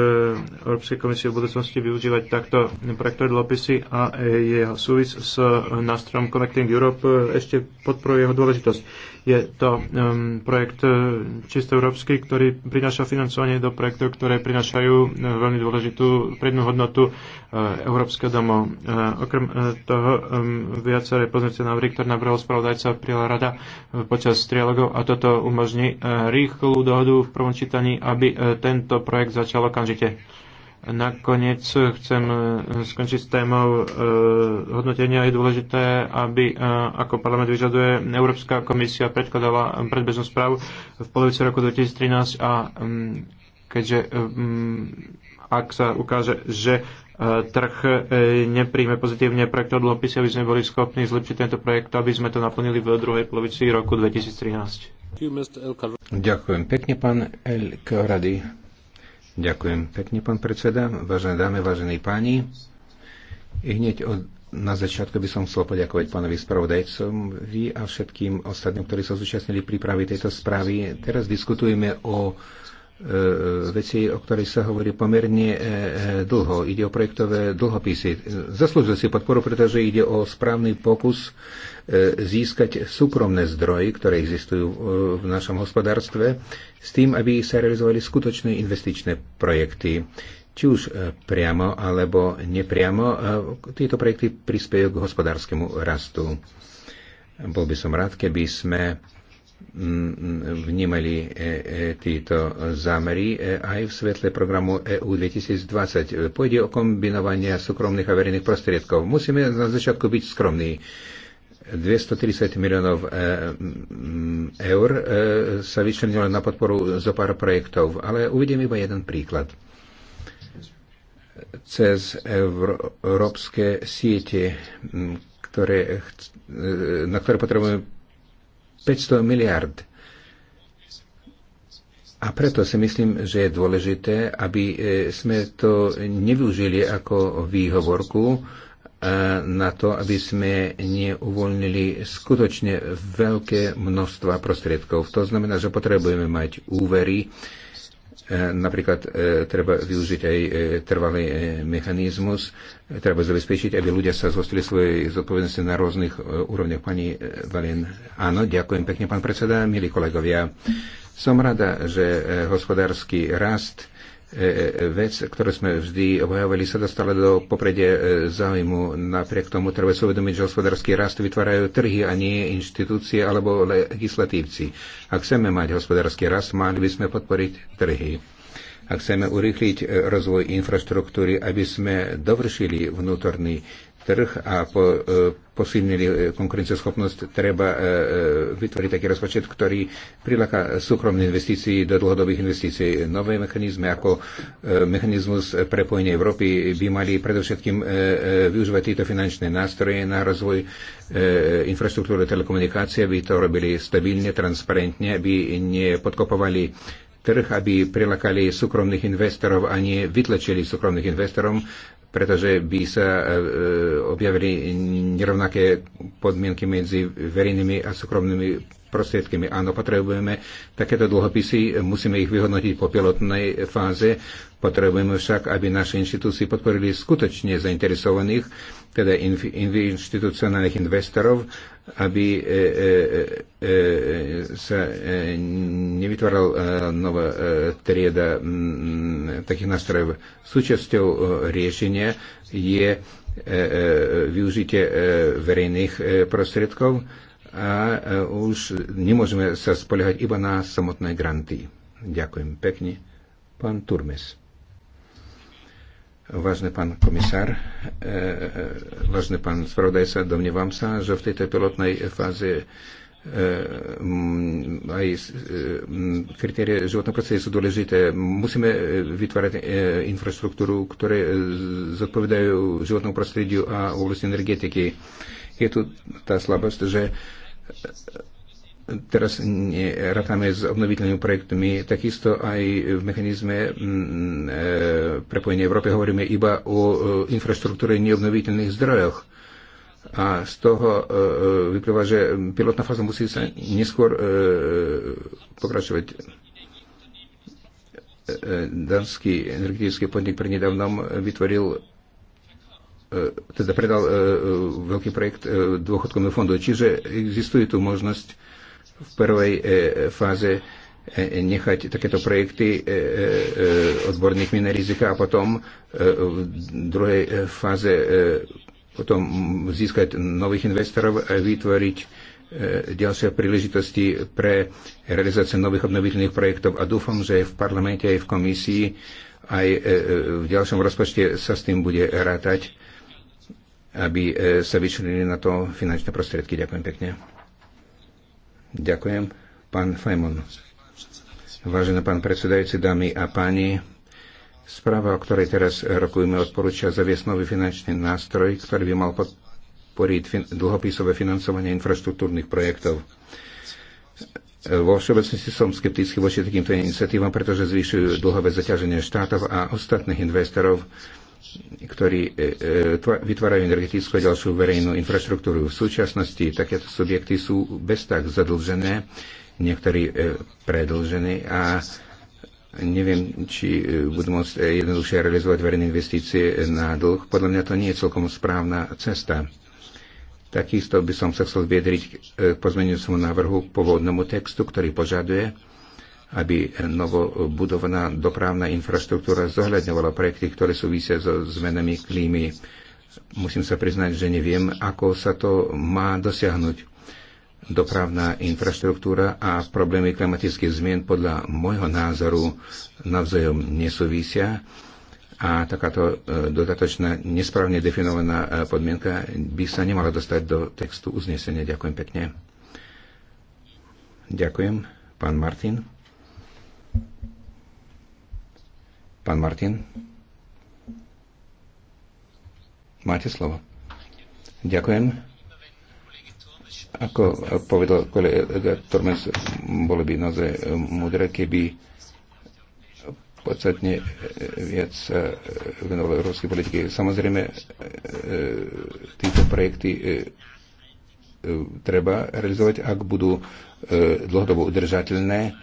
Speaker 4: Európskej komisie v budúcnosti využívať takto projektové dlhopisy a e, jeho súvis s e, nástrojom Connecting Europe ešte podporuje jeho dôležitosť. Je to um, projekt čisto európsky, ktorý prináša financovanie do projektov, ktoré prinášajú veľmi dôležitú prednú hodnotu Európskeho domu. Okrem toho um, viaceré poznácie návrhy, ktoré navrhol spravodajca, prijala rada počas trialogov a toto umožní rýchlu dohodu v prvom čítaní, aby ten tento projekt začal okamžite. Nakoniec chcem e, skončiť s témou e, hodnotenia. Je dôležité, aby e, ako parlament vyžaduje Európska komisia predkladala predbežnú správu v polovici roku 2013 a mm, keďže mm, ak sa ukáže, že trh nepríjme pozitívne projekt dlhopisy, aby sme boli schopní zlepšiť tento projekt, aby sme to naplnili v druhej polovici roku 2013.
Speaker 2: Ďakujem pekne, pán El Korady. Ďakujem pekne, pán predseda. Vážené dámy, vážení páni. I hneď od, na začiatku by som chcel poďakovať pánovi spravodajcovi a všetkým ostatným, ktorí sa zúčastnili prípravy tejto správy. Teraz diskutujeme o e, veci, o ktorej sa hovorí pomerne e, e, dlho. Ide o projektové dlhopisy. Zaslúžil si podporu, pretože ide o správny pokus E, získať súkromné zdroje, ktoré existujú e, v našom hospodárstve, s tým, aby sa realizovali skutočné investičné projekty. Či už e, priamo alebo nepriamo, tieto projekty prispiejú k hospodárskemu rastu. Bol by som rád, keby sme mm, vnímali títo zámery aj v svetle programu EU 2020. Pôjde o kombinovanie súkromných a verejných prostriedkov. Musíme na začiatku byť skromní. 230 miliónov e, mm, eur e, sa vyčlenilo na podporu zo pár projektov, ale uvidím iba jeden príklad. Cez európske siete, ktoré, e, na ktoré potrebujeme 500 miliard. A preto si myslím, že je dôležité, aby sme to nevyužili ako výhovorku, E, na to, aby sme neuvoľnili skutočne veľké množstva prostriedkov. To znamená, že potrebujeme mať úvery, e, Napríklad e, treba využiť aj trvalý mechanizmus, treba zabezpečiť, aby ľudia sa zhostili svojej zodpovednosti na rôznych úrovniach. Pani Valien, áno, ďakujem pekne, pán predseda, milí kolegovia. Som rada, že hospodársky rast E, e, vec, ktorú sme vždy obhajovali, sa dostala do popredie záujmu. Napriek tomu treba si uvedomiť, že hospodársky rast vytvárajú trhy a nie inštitúcie alebo legislatívci. Ak chceme mať hospodársky rast, mali by sme podporiť trhy. Ak chceme urýchliť e, rozvoj infraštruktúry, aby sme dovršili vnútorný trh a po, e, posilnili e, konkurencieschopnosť, treba e, vytvoriť taký rozpočet, ktorý priláka súkromné investície do dlhodobých investícií. Nové mechanizmy ako mechanizmus prepojenia Európy by mali predovšetkým využívať tieto finančné nástroje na rozvoj infraštruktúry telekomunikácie, aby to robili stabilne, transparentne, aby nepodkopovali trh, aby prilakali súkromných investorov a nie vytlačili súkromných investorov, pretože by sa e, e, objavili nerovnaké podmienky medzi verejnými a súkromnými prostriedkami. Áno, potrebujeme takéto dlhopisy, musíme ich vyhodnotiť po pilotnej fáze. Potrebujeme však, aby naše inštitúcie podporili skutočne zainteresovaných, teda inštitucionálnych investorov, aby e, e, e, e, sa e, nevytváral e, nová e, trieda m, takých nástrojov. Súčasťou e, riešenia je e, e, využitie e, verejných e, prostriedkov, a e, už nemôžeme sa spoliehať iba na samotné granty. Ďakujem pekne. Pán Turmes. Vážne pán komisár, e, e, vážne pán spravodajca, domnievam sa, že v tejto pilotnej fáze aj kritérie životného prostredia sú dôležité. Musíme vytvárať infraštruktúru, ktoré zodpovedajú životnému prostrediu a oblasti energetiky. Je tu tá slabosť, že teraz rátame s obnoviteľnými projektmi, takisto aj v mechanizme mm, e, prepojenia Európy hovoríme iba o e, infraštruktúre neobnoviteľných zdrojoch. A z toho e, vyplýva, že pilotná fáza musí sa neskôr pokračovať. Danský energetický podnik prednedávnom vytvoril E, teda predal e, e, veľký projekt dôchodkovému fondu. Čiže existuje tu možnosť v prvej fáze nechať takéto projekty odborných miné rizika a potom v druhej fáze potom získať nových investorov a vytvoriť ďalšie príležitosti pre realizáciu nových obnoviteľných projektov. A dúfam, že v parlamente aj v komisii aj v ďalšom rozpočte sa s tým bude rátať aby e, sa vyčlenili na to finančné prostriedky. Ďakujem pekne. Ďakujem. Pán Fajmon. Vážený pán predsedajúci, dámy a páni, správa, o ktorej teraz rokujeme, odporúča zaviesť nový finančný nástroj, ktorý by mal podporiť fin- dlhopisové financovanie infraštruktúrnych projektov. Vo všeobecnosti som skeptický voči takýmto iniciatívam, pretože zvyšujú dlhové zaťaženie štátov a ostatných investorov, ktorí e, e, vytvárajú energetickú a ďalšiu verejnú infraštruktúru. V súčasnosti takéto subjekty sú bez tak zadlžené, niektorí e, predlžené a neviem, či budú môcť jednoduchšie realizovať verejné investície na dlh. Podľa mňa to nie je celkom správna cesta. Takisto by som sa chcel viedriť k pozmeňujúcemu návrhu k pôvodnému textu, ktorý požaduje, aby novobudovaná dopravná infraštruktúra zohľadňovala projekty, ktoré súvisia so zmenami klímy. Musím sa priznať, že neviem, ako sa to má dosiahnuť. Dopravná infraštruktúra a problémy klimatických zmien podľa môjho názoru navzájom nesúvisia a takáto e, dodatočná nesprávne definovaná e, podmienka by sa nemala dostať do textu uznesenia. Ďakujem pekne. Ďakujem. Pán Martin. Pán Martin? Máte slovo. Ďakujem. Ako povedal kolega Tormes, bolo by naozaj múdre, keby podstatne viac venovali európskej politiky. Samozrejme, e, tieto projekty e, e, treba realizovať, ak budú dlhodobo udržateľné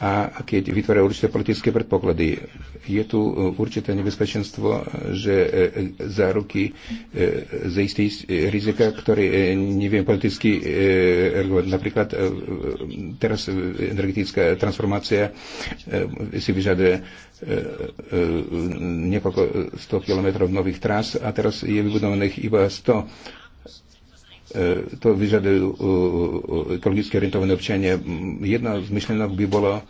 Speaker 2: a keď vytvára určité politické predpoklady. Je tu e, určité nebezpečenstvo, e, že e, za ruky zaistí rizika, ktoré neviem politicky reagovať. Napríklad teraz energetická transformácia si vyžaduje niekoľko 100 kilometrov nových tras a teraz je vybudovaných iba 100 E, to vyžadujú e, e, ekologicky orientované občania. Jedna z myšlenok by bolo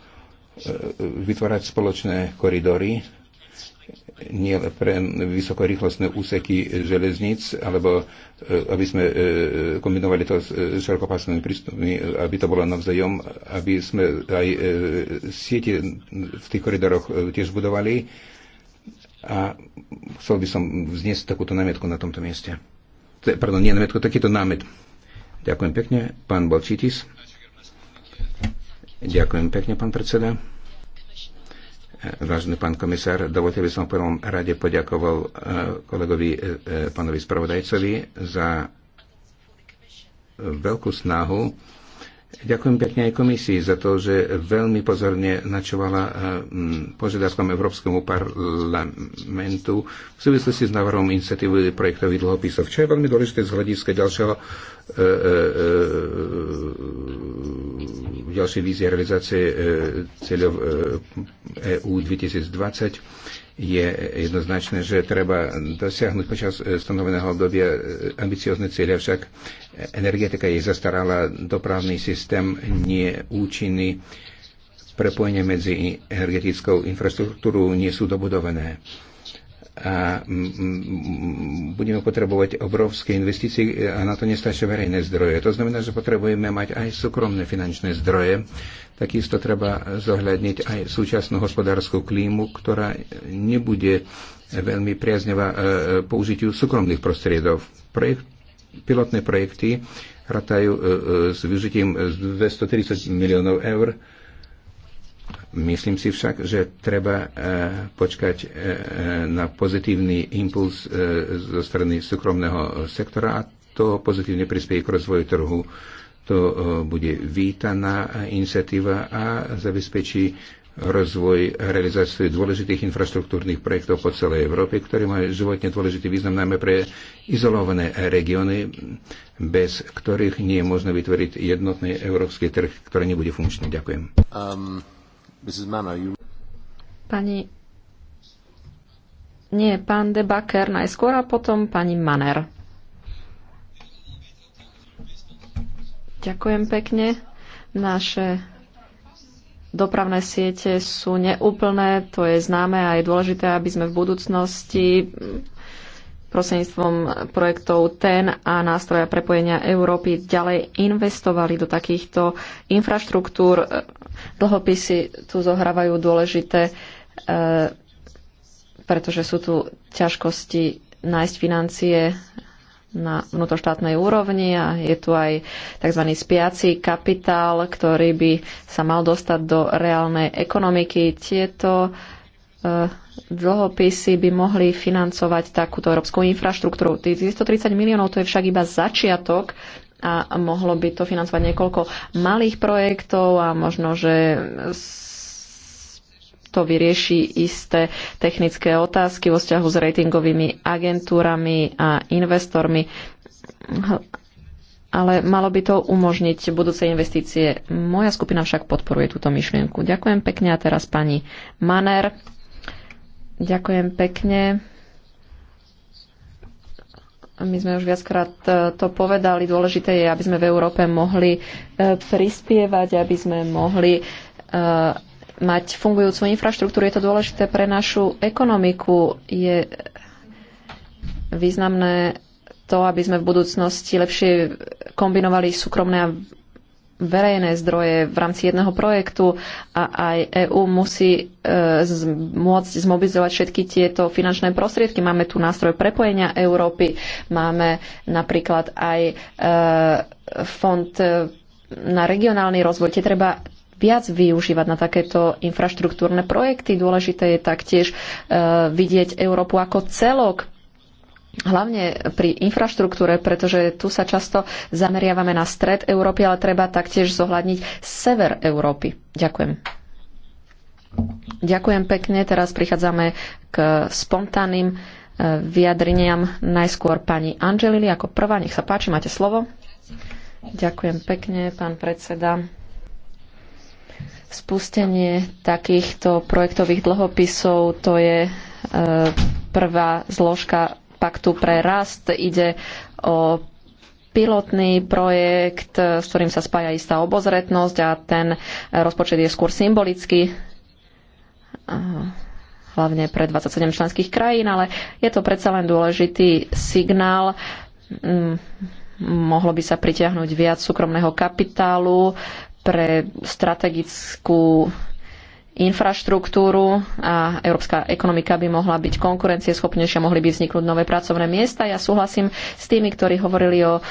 Speaker 2: vytvárať spoločné koridory, nie pre vysokorýchlostné úseky železníc, alebo aby sme kombinovali to s širokopásnými prístupmi, aby to bolo navzájom, aby sme aj siete v tých koridoroch tiež budovali. A chcel by som vzniesť takúto námietku na tomto mieste pardon, nie námietku, takýto námet. Ďakujem pekne, pán Balčitis. Ďakujem pekne, pán predseda. Vážený pán komisár, dovolte by som v prvom rade poďakoval eh, kolegovi eh, eh, pánovi spravodajcovi za veľkú snahu Ďakujem pekne aj komisii za to, že veľmi pozorne načovala eh, požiadavkom Európskemu parlamentu v súvislosti s návrhom iniciatívy projektových dlhopisov, čo je veľmi dôležité z hľadiska ďalšieho eh, eh, ďalšej vízie realizácie cieľov EU e 2020 je jednoznačné, že treba dosiahnuť počas e, stanoveného obdobia e, ambiciozne cieľe, však energetika je zastarala, dopravný systém nie účinný, prepojenie medzi energetickou infraštruktúrou nie sú dobudované a budeme potrebovať obrovské investície e, a na to nestačia verejné zdroje. To znamená, že potrebujeme mať aj súkromné finančné zdroje, Takisto treba zohľadniť aj súčasnú hospodárskú klímu, ktorá nebude veľmi priaznevá e, použitiu súkromných prostriedov. Projekt, pilotné projekty ratajú e, e, s využitím 230 miliónov eur. Myslím si však, že treba počkať na pozitívny impuls zo strany súkromného sektora a to pozitívne prispieje k rozvoju trhu. To e, bude vítaná iniciatíva a zabezpečí rozvoj a realizáciu dôležitých infraštruktúrnych projektov po celej Európe, ktoré majú životne dôležitý význam najmä pre izolované regióny, bez ktorých nie je možné vytvoriť jednotný európsky trh, ktorý nebude funkčný. Ďakujem. Um, Mano, you...
Speaker 3: Pani... Nie, pán Debaker najskôr a potom pani Maner. Ďakujem pekne. Naše dopravné siete sú neúplné, to je známe a je dôležité, aby sme v budúcnosti prosenstvom projektov TEN a nástroja prepojenia Európy ďalej investovali do takýchto infraštruktúr. Dlhopisy tu zohrávajú dôležité, e, pretože sú tu ťažkosti nájsť financie na vnútroštátnej úrovni a je tu aj tzv. spiaci kapitál, ktorý by sa mal dostať do reálnej ekonomiky. Tieto e, dlhopisy by mohli financovať takúto európsku infraštruktúru. Tých 130 miliónov to je však iba začiatok a mohlo by to financovať niekoľko malých projektov a možno, že to vyrieši isté technické otázky vo vzťahu s ratingovými agentúrami a investormi. Ale malo by to umožniť budúce investície. Moja skupina však podporuje túto myšlienku. Ďakujem pekne a teraz pani Maner. Ďakujem pekne. My sme už viackrát e, to povedali. Dôležité je, aby sme v Európe mohli e, prispievať, aby sme mohli e, mať fungujúcu infraštruktúru. Je to dôležité pre našu ekonomiku. Je významné to, aby sme v budúcnosti lepšie kombinovali súkromné a verejné zdroje v rámci jedného projektu a aj EÚ musí e, z, môcť zmobilizovať všetky tieto finančné prostriedky. Máme tu nástroj prepojenia Európy, máme napríklad aj e, fond e, na regionálny rozvoj. Tie treba viac využívať na takéto infraštruktúrne projekty. Dôležité je taktiež e, vidieť Európu ako celok, hlavne pri infraštruktúre, pretože tu sa často zameriavame na stred Európy, ale treba taktiež zohľadniť sever Európy. Ďakujem. Ďakujem pekne. Teraz prichádzame k spontánnym e, vyjadreniam. Najskôr pani Angelili ako prvá. Nech sa páči, máte slovo. Ďakujem pekne, pán predseda. Spustenie takýchto projektových dlhopisov to je e, prvá zložka paktu pre rast. Ide o pilotný projekt, s ktorým sa spája istá obozretnosť a ten rozpočet je skôr symbolický, e, hlavne pre 27 členských krajín, ale je to predsa len dôležitý signál. Mm, mohlo by sa pritiahnuť viac súkromného kapitálu, pre strategickú infraštruktúru a európska ekonomika by mohla byť konkurencieschopnejšia, mohli by vzniknúť nové pracovné miesta. Ja súhlasím s tými, ktorí hovorili o e,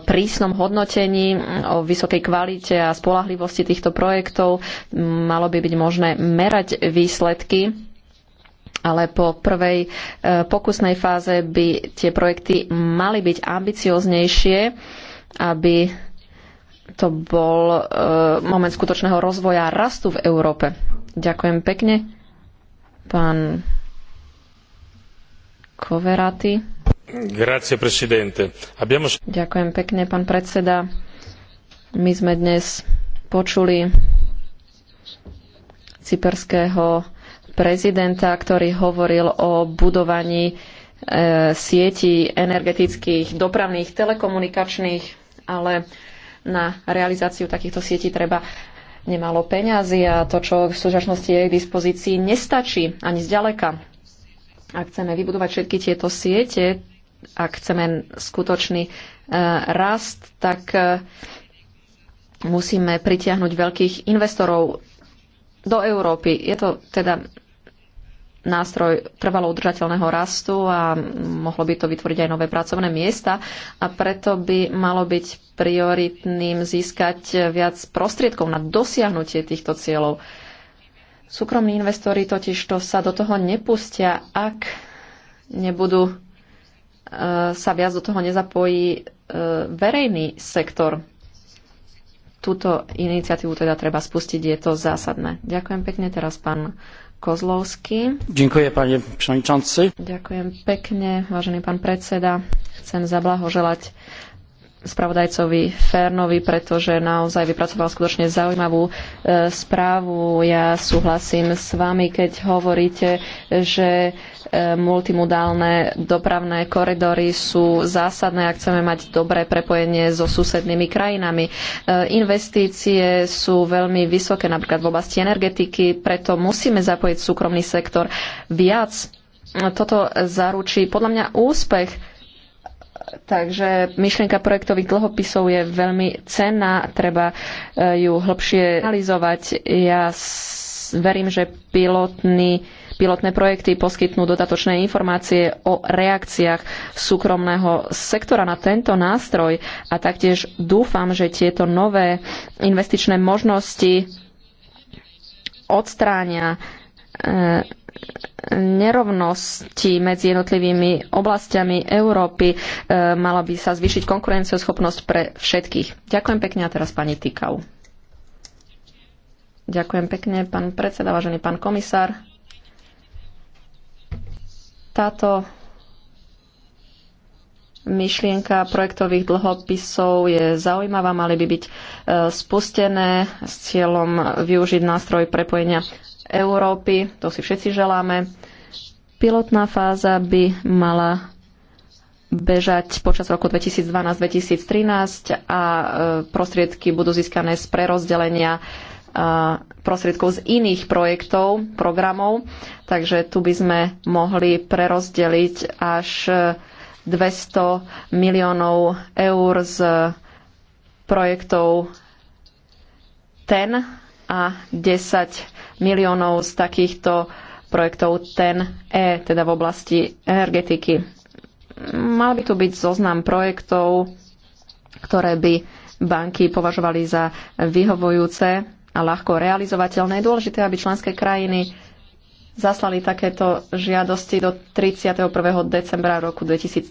Speaker 3: prísnom hodnotení, o vysokej kvalite a spolahlivosti týchto projektov. Malo by byť možné merať výsledky ale po prvej e, pokusnej fáze by tie projekty mali byť ambicioznejšie, aby to bol e, moment skutočného rozvoja rastu v Európe. Ďakujem pekne. Pán Koveraty.
Speaker 4: Grazie,
Speaker 1: presidente.
Speaker 4: Abbiamo...
Speaker 3: Ďakujem pekne, pán predseda. My sme dnes počuli cyperského prezidenta, ktorý hovoril o budovaní e, sietí energetických, dopravných, telekomunikačných, ale na realizáciu takýchto sietí treba nemalo peňazí a to, čo v súčasnosti je k dispozícii, nestačí ani zďaleka. Ak chceme vybudovať všetky tieto siete, ak chceme skutočný uh, rast, tak uh, musíme pritiahnuť veľkých investorov do Európy. Je to teda nástroj trvalo udržateľného rastu a mohlo by to vytvoriť aj nové pracovné miesta a preto by malo byť prioritným získať viac prostriedkov na dosiahnutie týchto cieľov. Súkromní investori totiž to sa do toho nepustia, ak nebudú e, sa viac do toho nezapojí e, verejný sektor. Túto iniciatívu teda treba spustiť, je to zásadné. Ďakujem pekne teraz pán Kozlovský.
Speaker 5: Ďakujem, pani
Speaker 3: Ďakujem pekne, vážený pán predseda. Chcem zablahoželať spravodajcovi Fernovi, pretože naozaj vypracoval skutočne zaujímavú e, správu. Ja súhlasím s vami, keď hovoríte, že e, multimodálne dopravné koridory sú zásadné, ak chceme mať dobré prepojenie so susednými krajinami. E, investície sú veľmi vysoké, napríklad v oblasti energetiky, preto musíme zapojiť súkromný sektor viac. Toto zaručí podľa mňa úspech Takže myšlienka projektových dlhopisov je veľmi cenná, treba e, ju hlbšie analyzovať. Ja verím, že pilotný, pilotné projekty poskytnú dodatočné informácie o reakciách súkromného sektora na tento nástroj a taktiež dúfam, že tieto nové investičné možnosti odstránia e, nerovnosti medzi jednotlivými oblastiami Európy. E, mala by sa zvýšiť konkurencioschopnosť pre všetkých. Ďakujem pekne a teraz pani Tikau. Ďakujem pekne, pán predseda, vážený pán komisár. Táto myšlienka projektových dlhopisov je zaujímavá, mali by byť e, spustené s cieľom využiť nástroj prepojenia Európy, to si všetci želáme. Pilotná fáza by mala bežať počas roku 2012-2013 a e, prostriedky budú získané z prerozdelenia e, prostriedkov z iných projektov, programov. Takže tu by sme mohli prerozdeliť až 200 e, miliónov eur z projektov TEN a 10 miliónov z takýchto projektov TEN-E, teda v oblasti energetiky. Mal by tu byť zoznam projektov, ktoré by banky považovali za vyhovujúce a ľahko realizovateľné. Je dôležité, aby členské krajiny zaslali takéto žiadosti do 31. decembra roku 2013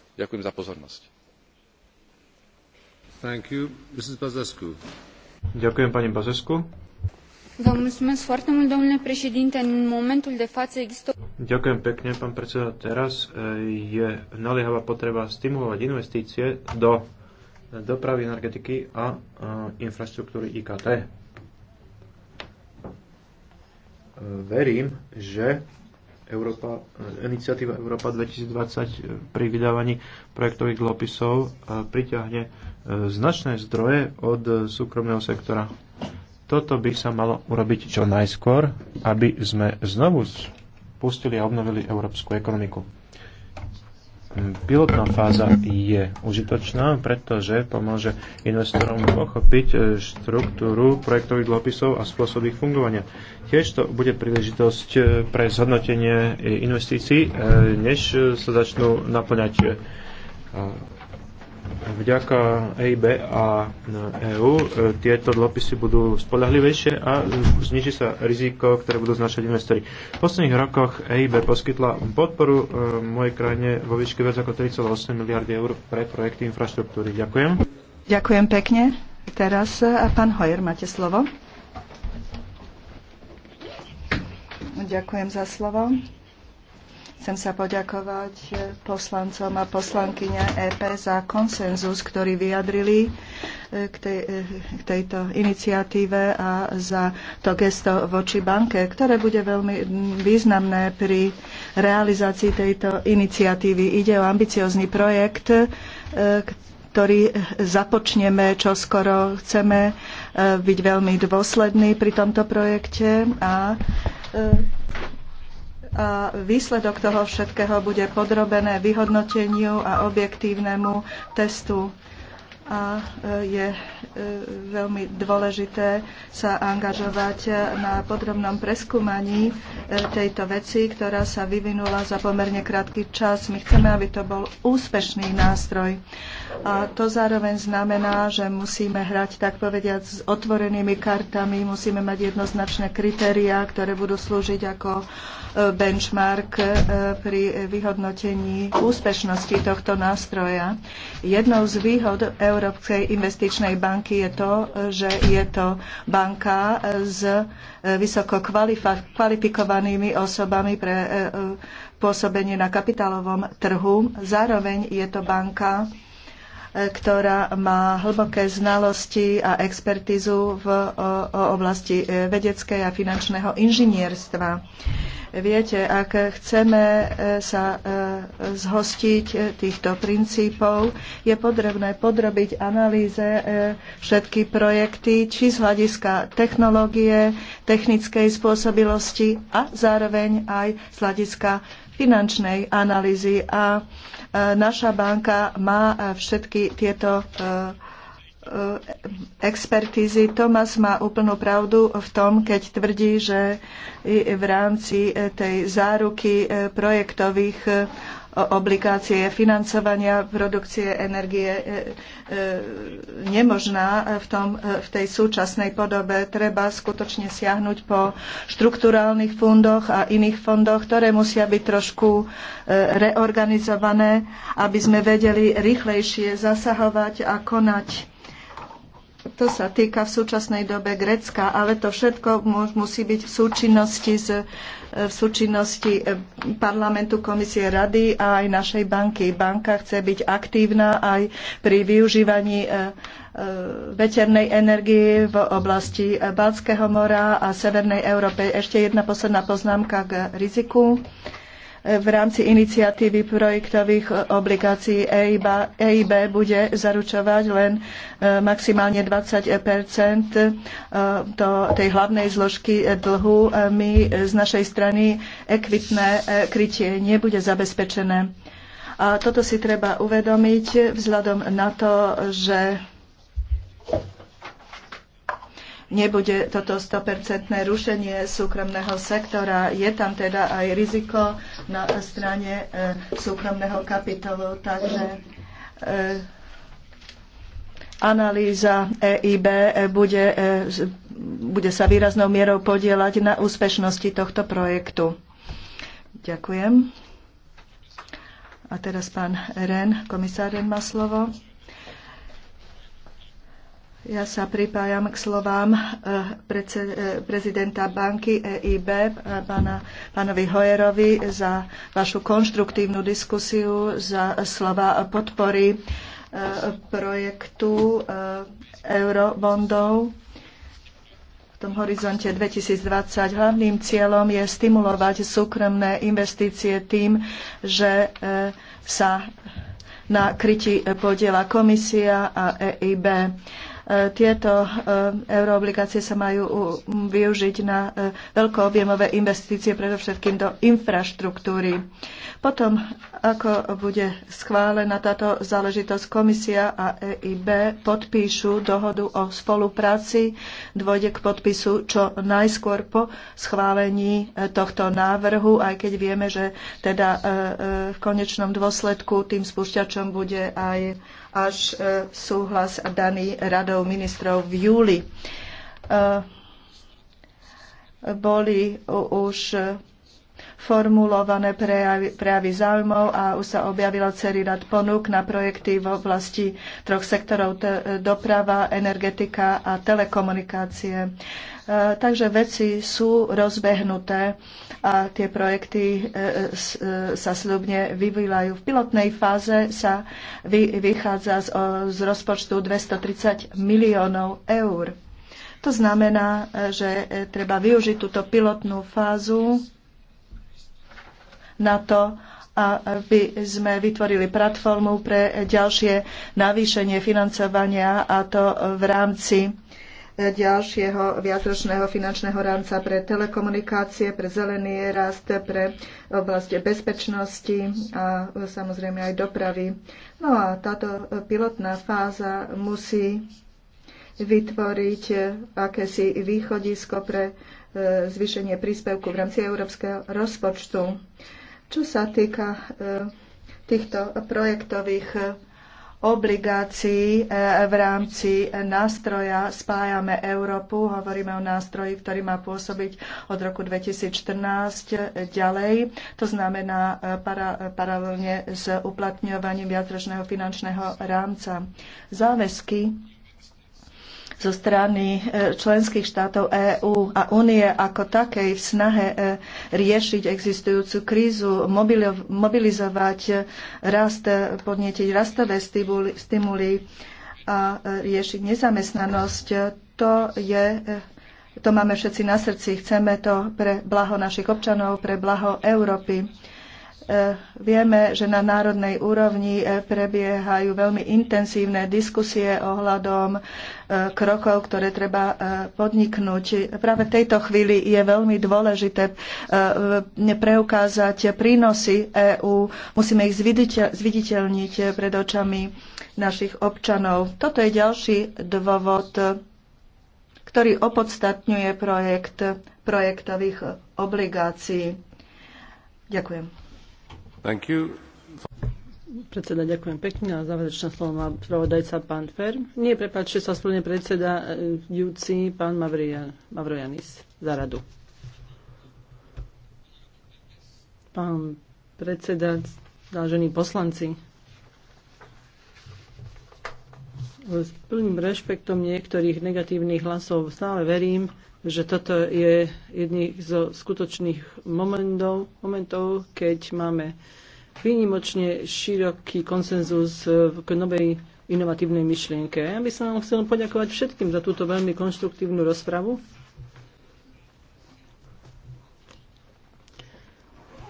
Speaker 1: ďakujem za pozornosť.
Speaker 4: Ďakujem pani Bazescu. Ďakujem pekne, pán predseda. Teraz eh, je naliehavá potreba stimulovať investície do dopravy, energetiky a eh, infraštruktúry IKT. Eh, verím, že Európa, iniciatíva Európa 2020 pri vydávaní projektových dlhopisov e, priťahne e, značné zdroje od súkromného sektora. Toto by sa malo urobiť čo najskôr, aby sme znovu pustili a obnovili európsku ekonomiku pilotná fáza je užitočná, pretože pomôže investorom pochopiť e, štruktúru projektových dlhopisov a spôsob ich fungovania. Tiež to bude príležitosť e, pre zhodnotenie e, investícií, než sa začnú naplňať vďaka EIB a EÚ e e, tieto dlhopisy budú spolahlivejšie a e, zniží sa riziko, ktoré budú znašať investori. V posledných rokoch EIB poskytla podporu mojej krajine vo výške viac ako 3,8 miliardy eur pre projekty infraštruktúry. Ďakujem.
Speaker 6: Ďakujem pekne. Teraz pán Hojer, máte slovo. Ďakujem za slovo. Chcem sa poďakovať eh, poslancom a poslankyňa EP za konsenzus, ktorý vyjadrili eh, k, tej, eh, k tejto iniciatíve a za to gesto voči banke, ktoré bude veľmi mm, významné pri realizácii tejto iniciatívy. Ide o ambiciózny projekt, ktorý započneme čoskoro. Chceme byť veľmi dôslední pri tomto projekte a a výsledok toho všetkého bude podrobené vyhodnoteniu a objektívnemu testu a e, je e, veľmi dôležité sa angažovať na podrobnom preskúmaní e, tejto veci, ktorá sa vyvinula za pomerne krátky čas. My chceme, aby to bol úspešný nástroj. A to zároveň znamená, že musíme hrať, tak povediať, s otvorenými kartami, musíme mať jednoznačné kritériá, ktoré budú slúžiť ako benchmark pri vyhodnotení úspešnosti tohto nástroja. Jednou z výhod eur Európskej investičnej banky je to, že je to banka s e, vysoko kvalifikovanými osobami pre e, e, pôsobenie na kapitálovom trhu. Zároveň je to banka, ktorá má hlboké znalosti a expertizu v oblasti vedeckej a finančného inžinierstva. Viete, ak chceme e, sa e, zhostiť týchto princípov, je potrebné podrobiť analýze e, všetky projekty, či z hľadiska technológie, technickej spôsobilosti a zároveň aj z hľadiska finančnej analýzy. A naša banka má všetky tieto Eh, expertízy. Tomas má úplnú pravdu v tom, keď tvrdí, že v rámci eh, tej záruky eh, projektových obligácie financovania produkcie energie nemožná v, tom, v tej súčasnej podobe. Treba skutočne siahnuť po štrukturálnych fondoch a iných fondoch, ktoré musia byť trošku reorganizované, aby sme vedeli rýchlejšie zasahovať a konať to sa týka v súčasnej dobe Grécka, ale to všetko musí byť v súčinnosti, z, v súčinnosti eh, parlamentu, komisie rady a aj našej banky. Banka chce byť aktívna aj pri využívaní eh, eh, veternej energie v oblasti Balckého mora a Severnej Európe. Ešte jedna posledná poznámka k riziku v rámci iniciatívy projektových obligácií EIB, EIB bude zaručovať len e, maximálne 20 e, tej hlavnej zložky dlhu. E, my z našej strany ekvitné krytie nebude zabezpečené. A toto si treba uvedomiť vzhľadom na to, že nebude toto 100% rušenie súkromného sektora. Je tam teda aj riziko na strane e, súkromného kapitolu, takže e, analýza EIB e, bude, bude sa výraznou mierou podielať na úspešnosti tohto projektu. Ďakujem. A teraz pán Ren, komisár Ren má slovo. Ja sa pripájam k slovám eh, eh, prezidenta banky EIB, eh, pána, pánovi Hojerovi, za vašu konštruktívnu diskusiu, za slova podpory projektu eurobondov v tom horizonte 2020. Hlavným cieľom je stimulovať súkromné investície tým, že sa na krytí podiela komisia a EIB. Tieto e, euroobligácie sa majú využiť na e, veľkoobjemové investície, predovšetkým do infraštruktúry. Potom, ako bude schválená táto záležitosť, komisia a EIB podpíšu dohodu o spolupráci, dôjde k podpisu čo najskôr po schválení e, tohto návrhu, aj keď vieme, že teda v konečnom dôsledku tým spúšťačom bude aj až e, súhlas daný radou ministrov v júli. E, boli už formulované prejavy, prejavy záujmov a už sa objavila celý rad ponúk na projekty v oblasti troch sektorov doprava, energetika a telekomunikácie. E, takže veci sú rozbehnuté a tie projekty e, e, sa slubne vyvíjajú. V pilotnej fáze sa vychádza z rozpočtu 230 miliónov eur. To znamená, že treba využiť túto pilotnú fázu na to, aby sme vytvorili platformu pre ďalšie navýšenie financovania a to v rámci ďalšieho viacročného finančného rámca pre telekomunikácie, pre zelený rast, pre oblasti bezpečnosti a samozrejme aj dopravy. No a táto pilotná fáza musí vytvoriť akési východisko pre e, zvýšenie príspevku v rámci európskeho rozpočtu. Čo sa týka e, týchto projektových e, obligácií e, v rámci nástroja Spájame Európu. Hovoríme o nástroji, ktorý má pôsobiť od roku 2014 ďalej. To znamená para, paralelne s uplatňovaním viacročného finančného rámca. Záväzky zo strany e, členských štátov EÚ a únie ako takej v snahe e, riešiť existujúcu krízu, mobilizovať e, rast, podnietiť rastové stimuly a riešiť nezamestnanosť. To je to máme všetci na srdci. Chceme to pre blaho našich občanov, pre blaho Európy. E, vieme, že na národnej úrovni e, prebiehajú veľmi intenzívne diskusie ohľadom e, krokov, ktoré treba podniknúť. Práve v tejto chvíli je veľmi dôležité preukázať prínosy EÚ. Musíme ich zviditeľniť pred očami našich občanov. Toto je ďalší dôvod, ktorý opodstatňuje projekt projektových obligácií.
Speaker 5: Ďakujem. Thank you. Predseda, ďakujem pekne. A záverečné slovo má pravodajca pán Fer. Nie, prepáčte sa, spolne predseda e, Júci, pán Mavrian, Mavrojanis, za radu. Pán predseda, vážení poslanci, s plným rešpektom niektorých negatívnych hlasov stále verím, že toto je jedný zo skutočných momentov, momentov keď máme výnimočne široký konsenzus k novej inovatívnej myšlienke. Ja by som vám chcel poďakovať všetkým za túto veľmi konštruktívnu rozpravu.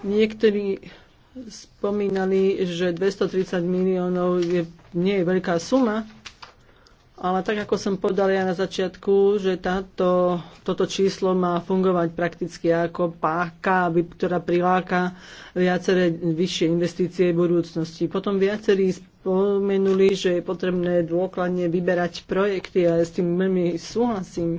Speaker 5: Niektorí spomínali, že 230 miliónov je, nie je veľká suma, ale tak, ako som povedal ja na začiatku, že táto, toto číslo má fungovať prakticky ako páka, aby, ktorá priláka viaceré vyššie investície v budúcnosti. Potom viacerí spomenuli, že je potrebné dôkladne vyberať projekty a ja s tým veľmi súhlasím.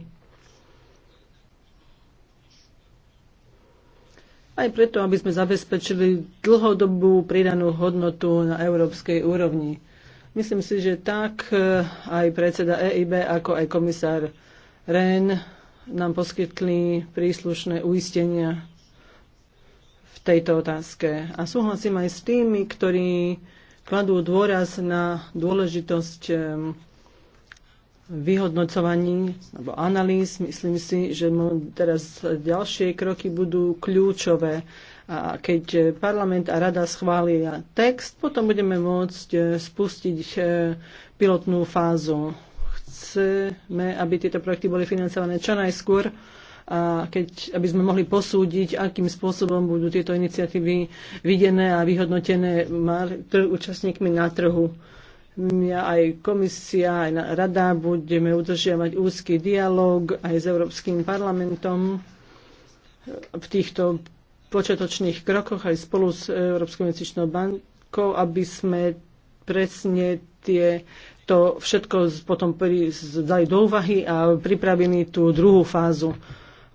Speaker 5: Aj preto, aby sme zabezpečili dlhodobú pridanú hodnotu na európskej úrovni Myslím si, že tak e, aj predseda EIB, ako aj komisár Rehn nám poskytli príslušné uistenia v tejto otázke. A súhlasím aj s tými, ktorí kladú dôraz na dôležitosť e, vyhodnocovaní alebo analýz. Myslím si, že teraz ďalšie kroky budú kľúčové. A keď parlament a rada schvália text, potom budeme môcť e, spustiť e, pilotnú fázu. Chceme, aby tieto projekty boli financované čo najskôr, a keď, aby sme mohli posúdiť, akým spôsobom budú tieto iniciatívy videné a vyhodnotené účastníkmi na trhu. Ja aj komisia, aj rada budeme udržiavať úzky dialog aj s Európskym parlamentom v týchto počiatočných krokoch aj spolu s Európskou investičnou bankou, aby sme presne tie, to všetko potom dali do úvahy a pripravili tú druhú fázu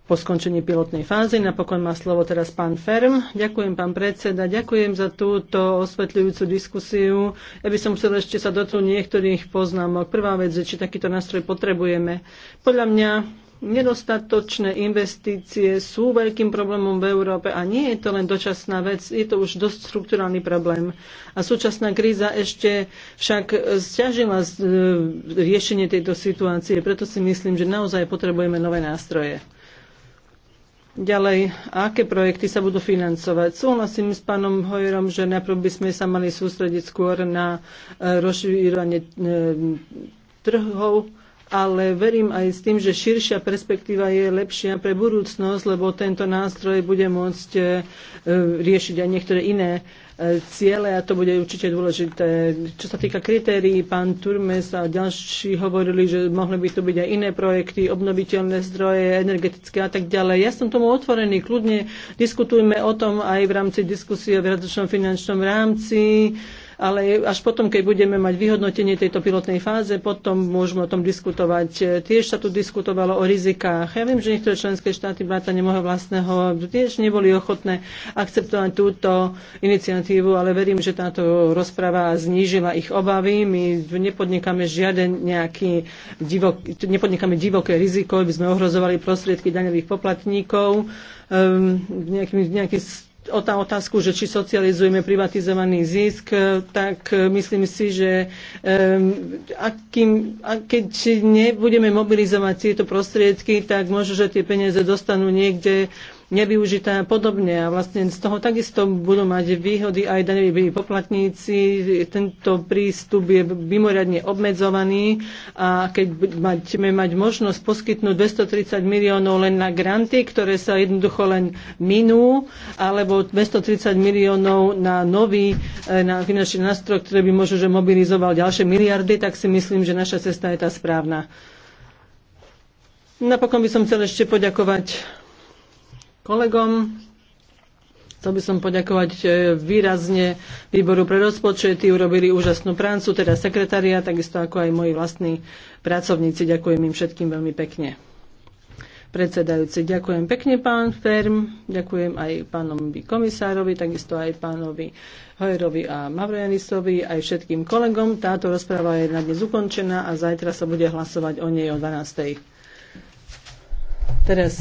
Speaker 5: po skončení pilotnej fázy. Napokon má slovo teraz pán Ferm. Ďakujem, pán predseda. Ďakujem za túto osvetľujúcu diskusiu. Ja by som chcel ešte sa dotknúť niektorých poznámok. Prvá vec je, či takýto nástroj potrebujeme. Podľa mňa Nedostatočné investície sú veľkým problémom v Európe a nie je to len dočasná vec, je to už dosť strukturálny problém. A súčasná kríza ešte však stiažila e, riešenie tejto situácie, preto si myslím, že naozaj potrebujeme nové nástroje. Ďalej, aké projekty sa budú financovať? Súhlasím s pánom Hojerom, že najprv by sme sa mali sústrediť skôr na e, rozširovanie e, trhov ale verím aj s tým, že širšia perspektíva je lepšia pre budúcnosť, lebo tento nástroj bude môcť e, riešiť aj niektoré iné e, ciele a to bude určite dôležité. Čo sa týka kritérií, pán Turmes a ďalší hovorili, že mohli by to byť aj iné projekty, obnoviteľné zdroje, energetické a tak ďalej. Ja som tomu otvorený, kľudne diskutujme o tom aj v rámci diskusie o viacročnom finančnom rámci ale až potom, keď budeme mať vyhodnotenie tejto pilotnej fáze, potom môžeme o tom diskutovať. Tiež sa tu diskutovalo o rizikách. Ja viem, že niektoré členské štáty bráta nemohol vlastného tiež neboli ochotné akceptovať túto iniciatívu, ale verím, že táto rozpráva znížila ich obavy. My nepodnikáme žiaden nejaký divok, nepodnikáme divoké riziko, aby sme ohrozovali prostriedky daňových poplatníkov um, nejaký, nejaký o tá otázku, že či socializujeme privatizovaný zisk, e, tak e, myslím si, že akým, keď nebudeme mobilizovať tieto prostriedky, tak možno, že tie peniaze dostanú niekde nevyužité a podobne. A vlastne z toho takisto budú mať výhody aj daňoví poplatníci. Tento prístup je mimoriadne obmedzovaný a keď budeme mať možnosť poskytnúť 230 miliónov len na granty, ktoré sa jednoducho len minú, alebo 230 miliónov na nový eh, na finančný nástroj, ktorý by možno, že mobilizoval ďalšie miliardy, tak si myslím, že naša cesta je tá správna. Napokon by som chcel ešte poďakovať kolegom. Chcel by som poďakovať e, výrazne výboru pre rozpočet. Tí urobili úžasnú prácu, teda sekretária, takisto ako aj moji vlastní pracovníci. Ďakujem im všetkým veľmi pekne. Predsedajúci, ďakujem pekne pán Ferm, ďakujem aj pánovi komisárovi, takisto aj pánovi Hojerovi a Mavrojanisovi, aj všetkým kolegom. Táto rozpráva je na dnes ukončená a zajtra sa bude hlasovať o nej o 12. Teraz